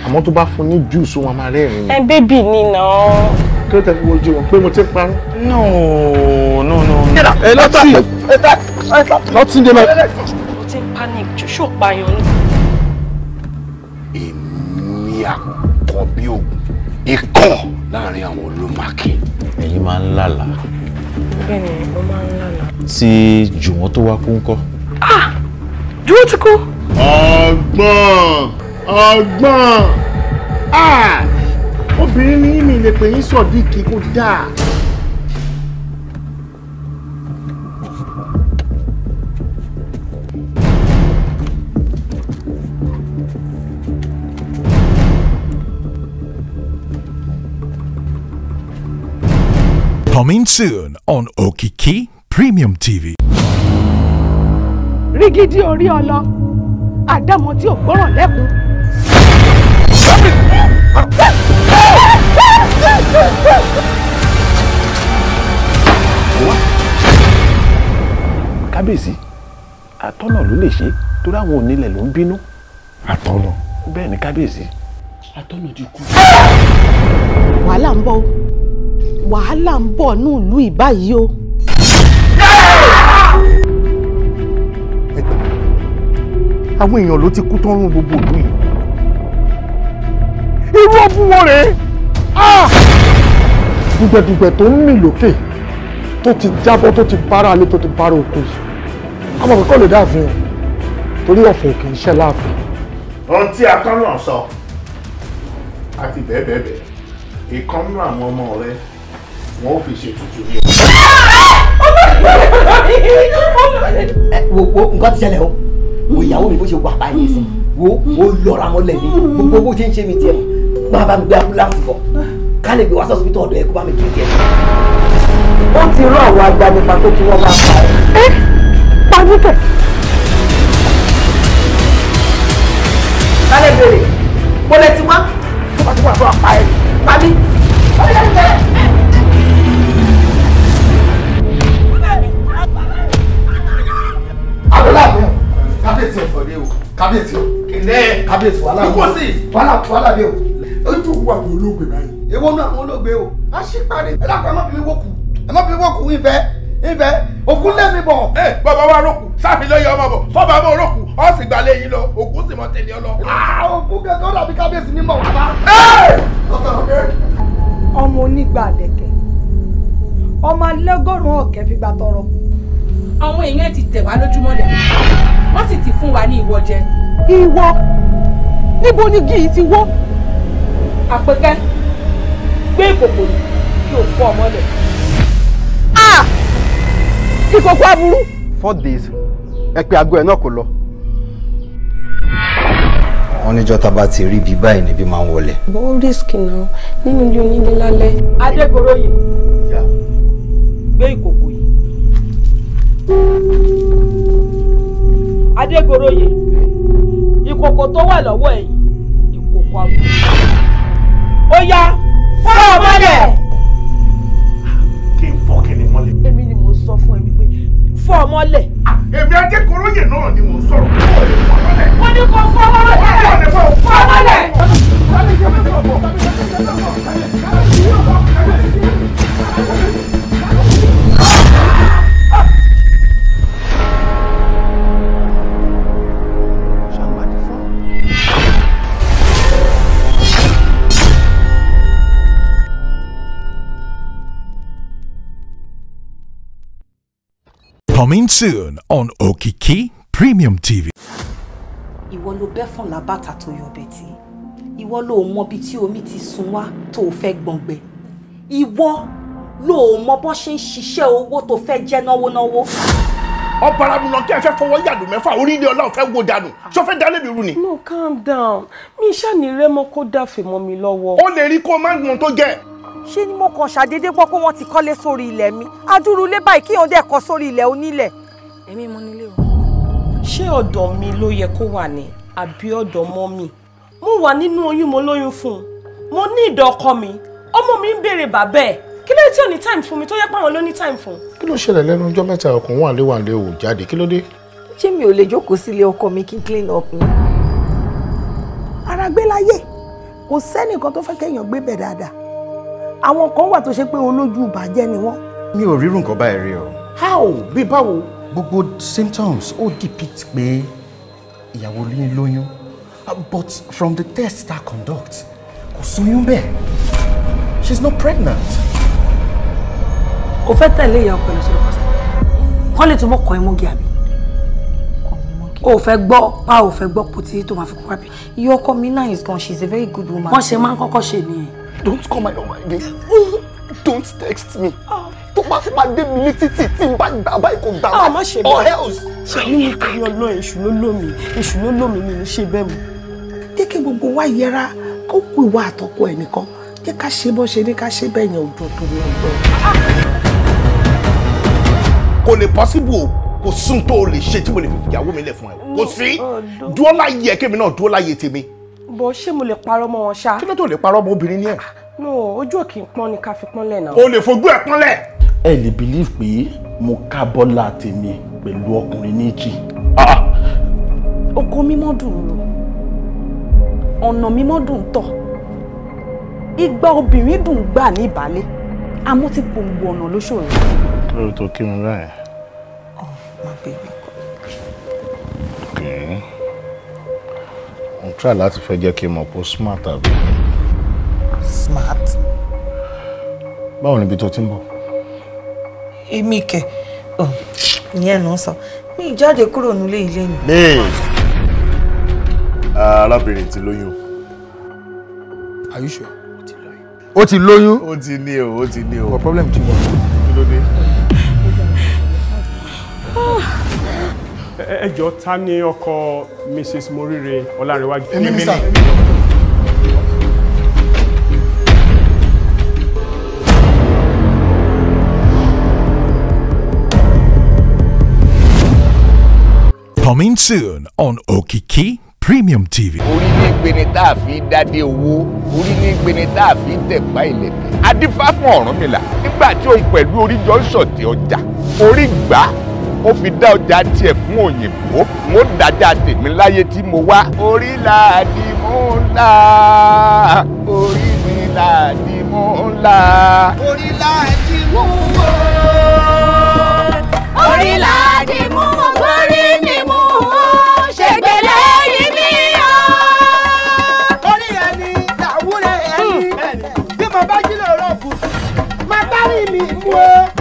[SPEAKER 1] àmọ́ tó bá fún ní juice ó máa máa rẹ́rìn. ẹ bébì ni nà ọ. kí ló tẹ fi wojú wọn pé mo ti parọ́. no no no. ẹ lọ́tì lọ́tì dé máa.
[SPEAKER 3] mo ti ń panic jù ṣó pààyàn
[SPEAKER 1] ni. èmi àkọ́kọ́ bí oògùn ikọ̀ láàrin àwọn olómàkì. ẹ̀yin máa ń lálàá. bẹ́ẹ̀
[SPEAKER 5] ni mo máa ń lálàá. tí jùwọ́n tó wá kú
[SPEAKER 4] ah dúró ah
[SPEAKER 1] mi lè pè yín kó
[SPEAKER 5] Coming soon on Okiki Premium TV.
[SPEAKER 3] rigidi orí ọlọ àdámọ̀ tí ò gbọ́ràn lẹ́kùn.
[SPEAKER 1] kábíyèsí àtọ́nà ló lè ṣe torí àwọn onílẹ̀ ló ń bínú.
[SPEAKER 2] àtọ́nà. bẹ́ẹ̀ ni kábíyèsí. àtọ́nà ti kú.
[SPEAKER 3] wàhálà ń bọ̀ wàhálà ń bọ̀ ní ìlú ìbáyìí o. Yeah!
[SPEAKER 1] àwọn èèyàn ló ti kú tán rún gbogbo ìlú yìí irú ọbú wọn rèé ah! dùgbẹ̀dùgbẹ̀ tó ń mì lókè tó ti jábọ́ tó ti bára alé tó ti bára oko yìí àmọ́ kọ́kọ́ lè dáàfin o torí ọ̀fọ̀ kì í ṣẹ́ láàfin. ohun tí akọ́nà sọ àti bẹ́ẹ̀ bẹ́ẹ̀ bẹ́ẹ̀ ìkan nínú àwọn ọmọ rẹ wọn ò fi ṣe tuntun ní. Ah! Ah! Eh, wo wo nǹkan ti ṣẹlẹ̀ o wo ìyàwó mi bó ṣe wà báyìí sí wo ó lọ́ra mọ́lẹ̀ mi gbogbo bó ṣe ń ṣe mi tiẹ̀ máa bá mi gbé ambulance fọ ká lè gbé wá sọ́sibítọ̀ ọ̀dọ̀ ẹ̀ kó bá mi kí tiẹ̀. ó ti rán àwọn agbanipa tó kí wọ́n máa pa ẹ̀. ẹ pàdé kẹ̀. kálẹ̀ bèrè mo lè ti wá tó bá tó wà fún àpá pàmí.
[SPEAKER 2] ó yẹ kí ẹ.
[SPEAKER 1] kábíyèsí kábíyèsí wàhálà wàhálà wàhálà bí o. ojú wa ni olóògbé báyìí. èwo náà àwọn olóògbé o. a ṣì parí. ẹ dàpọ̀ ẹ má fi mi wọ́kù ẹ má fi mi wọ́kù ìfẹ́ ìfẹ́ òkun lé mi bọ̀. ẹ bàbá wa rókù sáfì lóye ọmọ bọ̀ sọ́ba mọ́ rókù ọ́ sì gbà lé lọ òkun sì mọ́ tẹ̀lé lọ. ọmọ onígbà lẹ̀kẹ̀ ọmọ alẹ́gọ́rùn-ún fi gba tọrọ. àwọn èèyàn ti tẹ̀ wá lójúmọ́ dẹ̀ wọ́n sì ti fún wa ní ìwọ ìwọ níbo ni gíì ti wọ́. àpẹkẹ gbé ìkòkò kí o fọ ọmọ ìkòkò aburú. four days ẹ pé aago ẹ náà kò lọ.
[SPEAKER 6] wọ́n níjọ́ tá a bá ti rí ibi báyìí níbi máa ń wọlé.
[SPEAKER 1] ó risk náà nínú ilé onílé lálẹ́. adégoróyè gbé ìkòkò yìí. ìkòkò tó wà lọ́wọ́ ẹ̀ ìkòkò àbúrò. ó yá fọ́ ọ kí n fọ́ kí ni mọ́lẹ̀. èmi ni mò ń sọ fún ẹ wípé
[SPEAKER 4] fọ́ ọ mọ́lẹ̀. èmi adékoróyè náà ni mò ń sọ̀rọ̀ fún ọ fọ́ ní
[SPEAKER 2] kò fọ́ mọ́lẹ̀. fọ́ mọ́lẹ̀. Thank you.
[SPEAKER 5] Coming soon on Okiki Premium TV.
[SPEAKER 3] Ìwọ ló
[SPEAKER 1] bẹ́ fún làbàtà tó yọ ọbẹ̀ tí. Ìwọ ló mọ bí tí omi ti sun wá tó fẹ́ gbọ̀ngbẹ. Ìwọ ló mọ bó ṣe ń ṣiṣẹ́ owó tó fẹ́ jẹ́ náwó náwó. ọ̀pára mi náà kí ẹ fẹ́ fọwọ́ yàdù mẹ́fà orílẹ̀ ọlá ò fẹ́ wo dànù ṣọ fẹ́ dálé mi rú ni. no calm down mi ṣàní rẹ́mọ kó dàfẹ́ mọ́ mi lọ́wọ́. ó lè rí kó má gbọ́n tó jẹ́ ṣé ni mo kàn ṣàdédé gbọ́ pé wọ́n ti kọ́lé sórí ilẹ̀ mi adúrú ilé báyìí kí òun dẹ̀ kọ́ sórí ilẹ̀ onílẹ̀.
[SPEAKER 3] èmi mo nílé o.
[SPEAKER 1] ṣé ọ̀dọ̀ mi ló yẹ kó wà ní àbí ọ̀dọ̀ mọ́ mi mo wà nínú oyún mo lóyún fún un mo ní ìdọ̀ mi ọmọ mi ń béèrè bàbá ẹ̀ kí ló tí ò ní time fún mi tó yẹ pé àwọn ló ní time fún. kí ló ṣẹlẹ̀ lẹ́nu ọjọ́ mẹ́ta ọkùnrin wà lé wà lé ò jáde kí ló dé. ṣé mi ò lè jókòó sílé ọkọ mi kí n clean up ni. ara gbé láyé kò sẹ́nìkan tó fẹ́ kéèyàn gbé bẹ̀ dáadáa àwọn kan wà tó ṣe pé olójú ìbàjẹ́ ni wọ́n. mi ò rírun nǹkan báyìí rí o. how bí báwo. gbogbo symptoms ó depict pé ìyàwó yín lóyún uh, but from the test that conduct kò sóyún bẹ́ẹ̀ she is not pregnant. o fẹ́ tẹ̀lé ìyá ọkọ lọ sọ́dọ̀ pásítọ̀ wọ́n lè túbọ̀ kọ́ ẹ mọ́gi àbí o fẹ́ gbọ́ pa o fẹ́ gbọ́ poti tó máa fi kú wábí iye ọkọ mi náà is gone she is a very good woman. wọ́n ṣe máa ń kọ́kọ́ ṣe nìyẹn don't call my number again don't text me tó bá pàdé mi ní títì tí n bá gbà báyìí kò gbà báyìí ah, or else. ṣàní mi kiri ọlọ́run èṣù ló lómi èṣù ló lómi mi ní ṣe bẹ́ẹ̀ mu. jẹ́ kí gbogbo wa yẹra kó kú ìwà àtọ́kọ ẹ̀ nìkan jẹ́ ká ṣe bó ṣe ní ká ṣe bẹ́ẹ̀ yẹn òjò tó ní ọgbọ́n. kò lè possible o kò sún tó o lè ṣe tí mo lè fi fìyàwó mi lẹ̀ fún ẹ kò sí oh, dúró láyé ẹ kémi náà dúró láyé tèmi bó ṣé mo lè parọ́ mọ́ wọn ṣá. kí ló tó lè parọ́ mọ́ obìnrin ni ẹ̀. no ojú ò kì ni ká fi pọ́n lẹ̀ náà. o lè fojú ẹ̀ pọ́n lẹ̀. ẹ lè believe pé mo ká bọ́lá tèmi pẹ̀lú ọkùnrin méjì. oko ah, ah. mímọ́ dùn ún ọ̀nà mímọ́ dùn tọ̀ igba obìnrin dùn gbà ní ìbálẹ̀ àmọ́ ti pòǹgbò ọ̀nà lóṣòro.
[SPEAKER 4] lóòótọ́ kí n rà
[SPEAKER 1] n try láti fẹ́ jẹ́ kí n mọ̀ pé smart àbí. smart. báwo ni ibi tó ti ń bọ̀. èmi kẹ ìyẹn ló ń sọ mi ìjáde kúrò nílé ilé mi.
[SPEAKER 4] may ah, arábìnrin ti lóyún. are you sure. ó
[SPEAKER 2] ti
[SPEAKER 1] lóyún. ó ti ní o ó ti ní o. what problem ti wọ. kí ló dé. ẹ ta ni ọkọ Mrs. Morire Ọlárẹwájú. èmi ni sir.
[SPEAKER 5] Coming soon on Okiki Premium TV.
[SPEAKER 1] orí ní gbéni tá a fi dádé owó orí ní gbéni tá a fi tẹ̀pá ìlẹ̀kẹ̀. adífá fún Ọ̀rúnmìlà nígbà tí òun pẹ̀lú orí ṣọ̀tẹ̀ ọjà orí gbà á ó fi dá ọjà tiẹ̀ fún òyìnbó mo dájà tèmi láyé tí mo wá. orí là ni mò ń là orí mi là ni mò ń là.
[SPEAKER 2] orí là ni mò ń wò orí là ni mò ń wò orí ni mò ń wò ṣègbélé yìí mi o. orí ẹni làwúrẹ ẹni hmm. bí mo bá
[SPEAKER 1] jí lóòrọ̀ kù máa bá rí mi mú o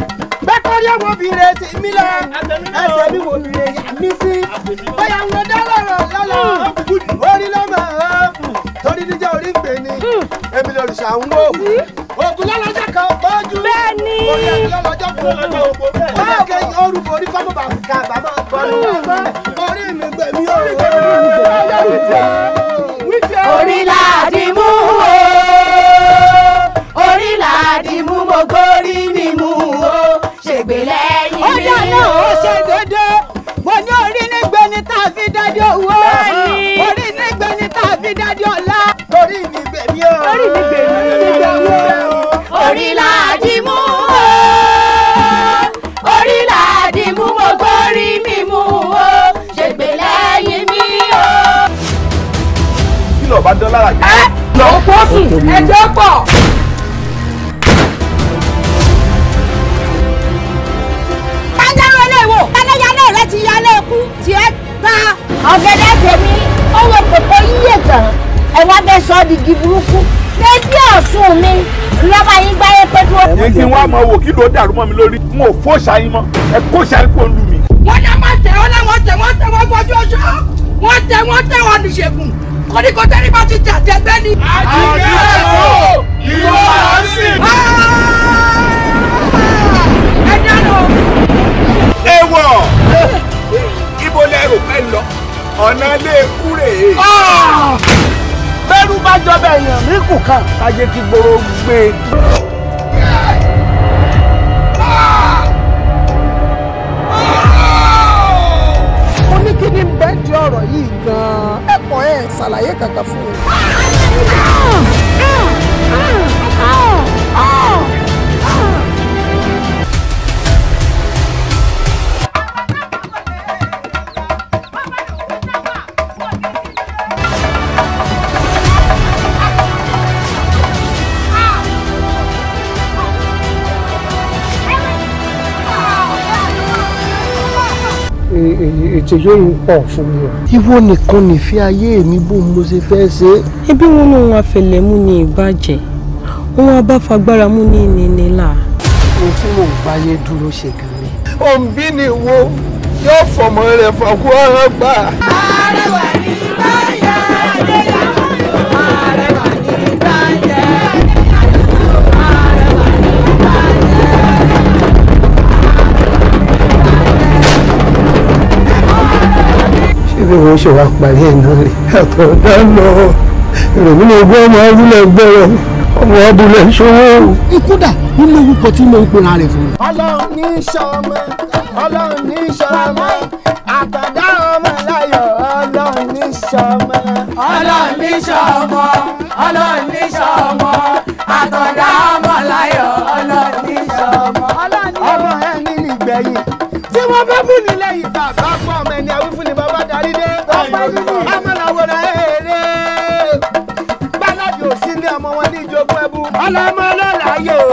[SPEAKER 1] bóyá wo bìrè sí mi lọ ẹsẹ̀ mi wo bìrè yà mí sí bóyá mo dá lọ́rọ̀ lọ́lọ́ hmm. orí ló mọ̀ ọ́ torí níjẹ́ orí ń pè ní hmm. èmi lè rìṣà ń wò ògùn lọ́lọ́jọ́ kan bọ́jú bẹ́ẹ̀ni orí ẹni lọ́lọ́jọ́ kan bọ́jú báwo kẹ́ orúkọ
[SPEAKER 2] orí kọ́mọ̀ bá ká bàbá bọ́lú orí mi gbẹ̀mí o orí láti mú o
[SPEAKER 3] orí láti mú mo gbórí mi mú o ṣègbè lẹ́yìn. ó yà náà ó ṣe dédé mo ní orí nígbẹ́ ni tá a fi dájọ́ owó orí
[SPEAKER 1] nígbẹ́ ni tá a fi dájọ́ ọlá. orí mi gbèmí o orí mi gbèmí o
[SPEAKER 3] orí láàdì mú orí láàdì mú mo gbórí mi mú o ṣègbè lẹ́yìn mi o. kí lọ́ọ́ bá dán lára jẹ́. ẹ lọ́ọ́ pọ́sùn ẹjọ́ pọ̀. ọ̀gẹ̀dẹ̀ tèmi ó wọ kòkó yíyẹ tán ẹ wá bẹ sọ di igi burúkú bébí ọ̀sùn mi
[SPEAKER 1] lọ́ba yín gbáyé pé kí wọ́n. èyí wọ́n mọ wò kí ló dàrú mọ́ mi lórí n ò fó ṣáyín mọ́ ẹ kó ṣáyín kó lù mí. wọ́n dá máa tẹ̀ wọ́n tẹ̀ wọ́n tẹ̀ wọ́n fojú ọjọ́ wọ́n tẹ̀ wọ́n tẹ̀ wọ́n níṣègùn
[SPEAKER 3] kọ́níkọ́ tẹ́lẹ̀ bá ti jà jẹ́gbẹ́ ni. àjíjẹ́ ẹ̀kọ́ ìwọ àásìn.
[SPEAKER 1] ẹ ọ̀nà lè kú ah! bẹ́rù bá jọba èèyàn mi kù kan kájé kí gbòòrò gbé. mo ní kí ni bẹ́ẹ̀ di ọ̀rọ̀ yìí gan-an ẹ̀kọ́
[SPEAKER 3] ẹ̀ ṣàlàyé kankan fún mi.
[SPEAKER 1] ètò yóò ń pọ̀ fún mi o. ìwọ nìkan nìfẹ́ ayé mi bó mo ṣe fẹ́ ṣe. ẹbí wọn ní òun àfẹlẹ mú ní ìbàjẹ́ òun
[SPEAKER 3] abáfagbára mú ní ìnínílà. ohun
[SPEAKER 1] tí mò ń báyé dúró ṣe gan ni. òǹbí ni
[SPEAKER 4] wo yóò fọmọ rẹ fọkú gbà. ààrẹ wà ní.
[SPEAKER 1] bí wọ́n ṣe wá parí ẹ̀ náà rè àtọ̀dá lọ ìròmí lè gbọ́ ọmọ abúlé gbọ́rọ̀ ọmọ abúlé ṣòwò. ikú nínú orúkọ tí mo ń pera rẹ̀ fún.
[SPEAKER 2] ọlọ́run ní sọmọ ọlọ́run ní sọmọ àtọ̀dá ọmọ láyọ̀ ọlọ́run ní sọmọ. ọlọ́run ní sọmọ ọlọ́run ní sọmọ àtọ̀dá ọmọ láyọ̀ ọlọ́run ní sọmọ. ọmọ ẹni nìgbẹ̀yìn tí
[SPEAKER 1] wọ́n bá bù nílẹ̀ bàbá fún ọmọ ẹni ọlọmọ lọ́la yóò.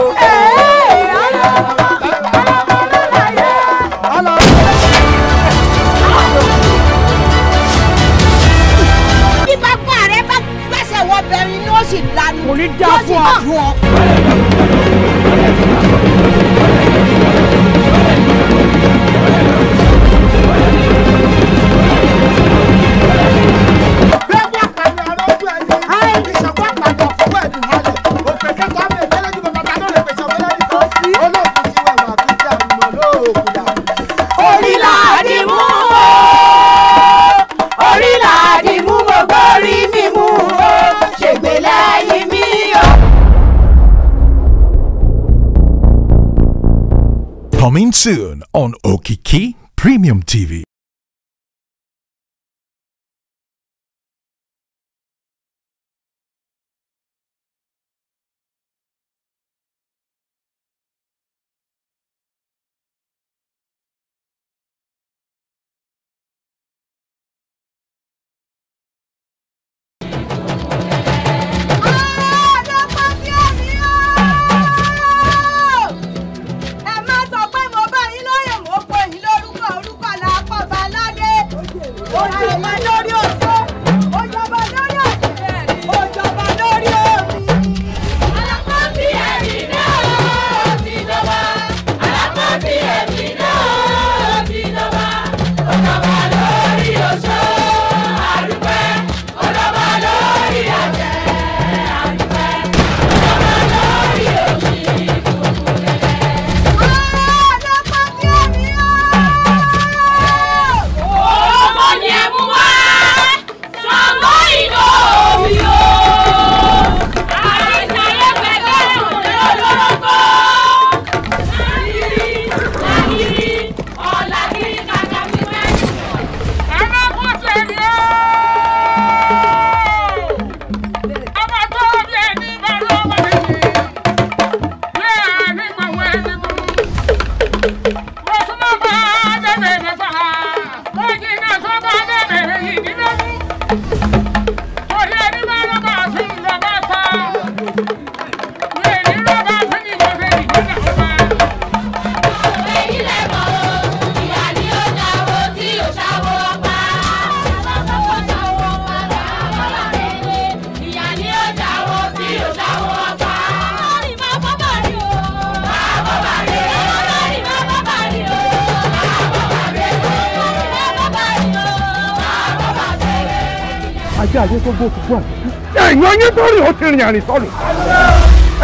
[SPEAKER 1] yẹn rìn sọnù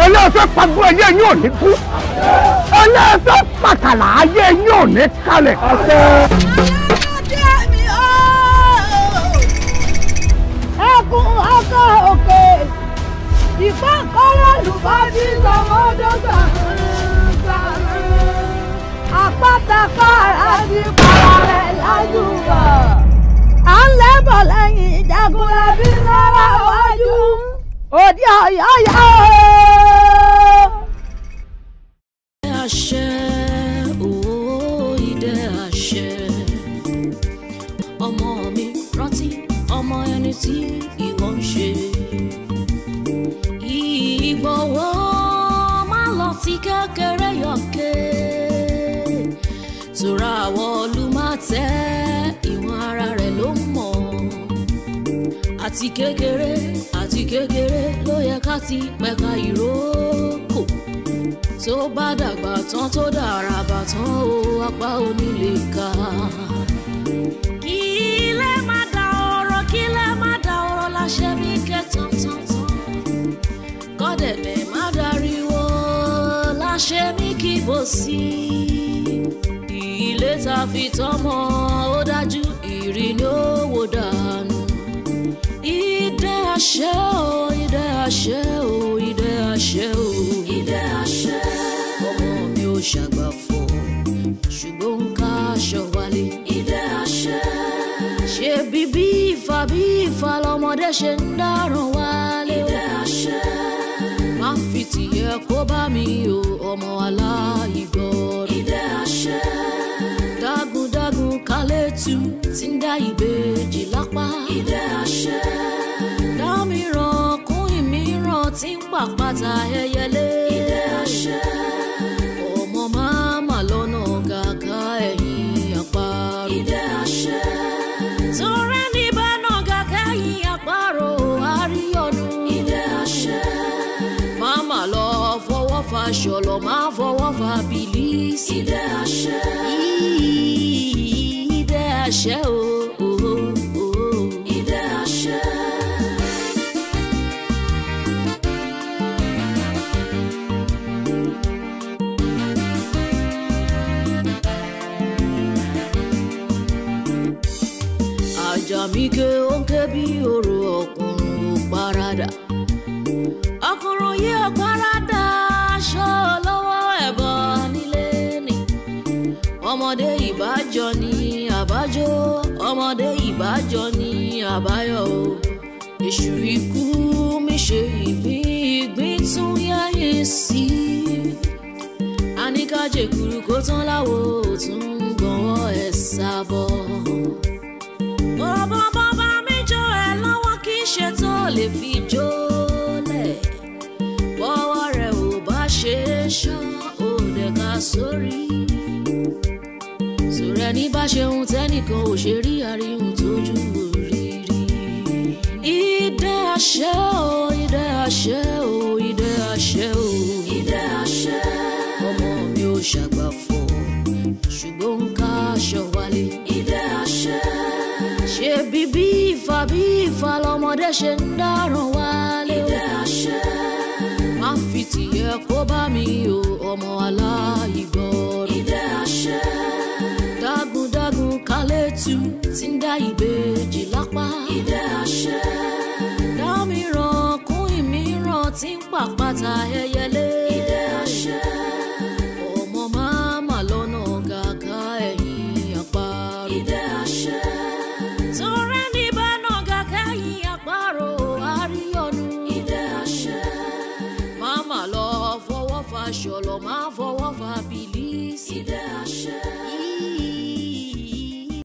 [SPEAKER 1] ẹlẹ́ẹ̀fẹ́ pàgbó
[SPEAKER 4] ẹyẹ yín ò kú ẹlẹ́ẹ̀fẹ́ pàkàlà ayé yín ò kalẹ̀.
[SPEAKER 2] ẹkùn ọkọ òkè ìfọ̀kọ́rọ̀ lùbọ́dí lọ́mọdọ́gba àpáta kára ti para rẹ̀ lájúbà à ń lẹ́bọ̀ lẹ́yìn ìjagunlẹ̀
[SPEAKER 3] bí náírà wájú. Oh ọ̀yọ́ yá o. àṣẹ òwò ìdẹ àṣẹ ọmọ mi kékeré yọ̀kẹ́ tóra àwọ̀ olùmọ̀tẹ́ ìwọ̀n ara rẹ̀ ló mọ̀ àti kékeré àti kékeré bá ti pẹ̀ka ìrókò tó bá dàgbà tán tó dàrà bàtán o apá omi lè ka. kí lẹ má da ọ̀rọ̀ kí lẹ má da ọ̀rọ̀ láṣẹ mi kẹ tán tán tán kọ́dẹ̀ lẹ má dariwo láṣẹ mi kí bó sí ilé ta fi tọ́mọ ó dájú ìrìn ni ó wò dànù ìdẹ́ àṣẹ o àṣẹ o ìdẹ àṣẹ o ìdẹ àṣẹ ọmọ mi ò ṣàgbà fún ṣùgbọ́n ń ká aṣọ wálé ìdẹ àṣẹ ṣe bíbí ìfà bí ìfà lọmọdé ṣe ń dáràn wálé ìdẹ àṣẹ má fi tìyẹ kó bá mi o ọmọ aláìgbọràn ìdẹ àṣẹ dágundágun kálẹ̀ tù tí ń dá ìbejì lápá ìdẹ àṣẹ. tí ń pàpàtà ẹyẹlé. Idẹ àṣẹ. Ọmọ máma lọ́nà kàkà ẹ̀yìn apá. Idẹ àṣẹ. Torí ní bánà kàkà ẹ̀yìn àparò àríyànnu. Idẹ àṣẹ. Máma lọ fọwọ́ fa ṣọlọ, máa fọwọ́ fa bìlísì. Idẹ àṣẹ. Idẹ àṣẹ o. ike oge bí orò ọkùnrin ò parada ọkùnrin yìí ò parada aṣọ lọ́wọ́ ẹbọ nílé ni ọmọdé ìbájọ ni àbájọ ọmọdé ìbájọ ni àbáyọ o èṣù ikú mi ṣe ìgbín ìgbín tún yáyé sí i àníkàjẹ kúrú tán láwo tún gbọ̀nwọ́ ẹ̀ sábọ̀. bọ́bọ́ bọ́. lórí. sọ̀rọ̀ ẹni bá ṣe ohun tẹ́nìkan ò ṣe rí àríhùn tójú òrìrì. idẹ àṣẹ o idẹ àṣẹ o idẹ àṣẹ o. idẹ àṣẹ. ọmọ mi ò ṣàgbà fọ́ ṣùgbọ́n ń ká aṣọ wálé. idẹ àṣẹ. ṣe bíbí ìfà bí ìfà lọmọdé ṣe ń dáràn wálé. idẹ àṣẹ. má fi tìyẹ kó bá mi o ọmọ aláàbò. dá ìbejì lápá. ìdẹ àṣẹ. dá mìíràn kún ìmíràn tí ń pàpàtà ẹyẹlé.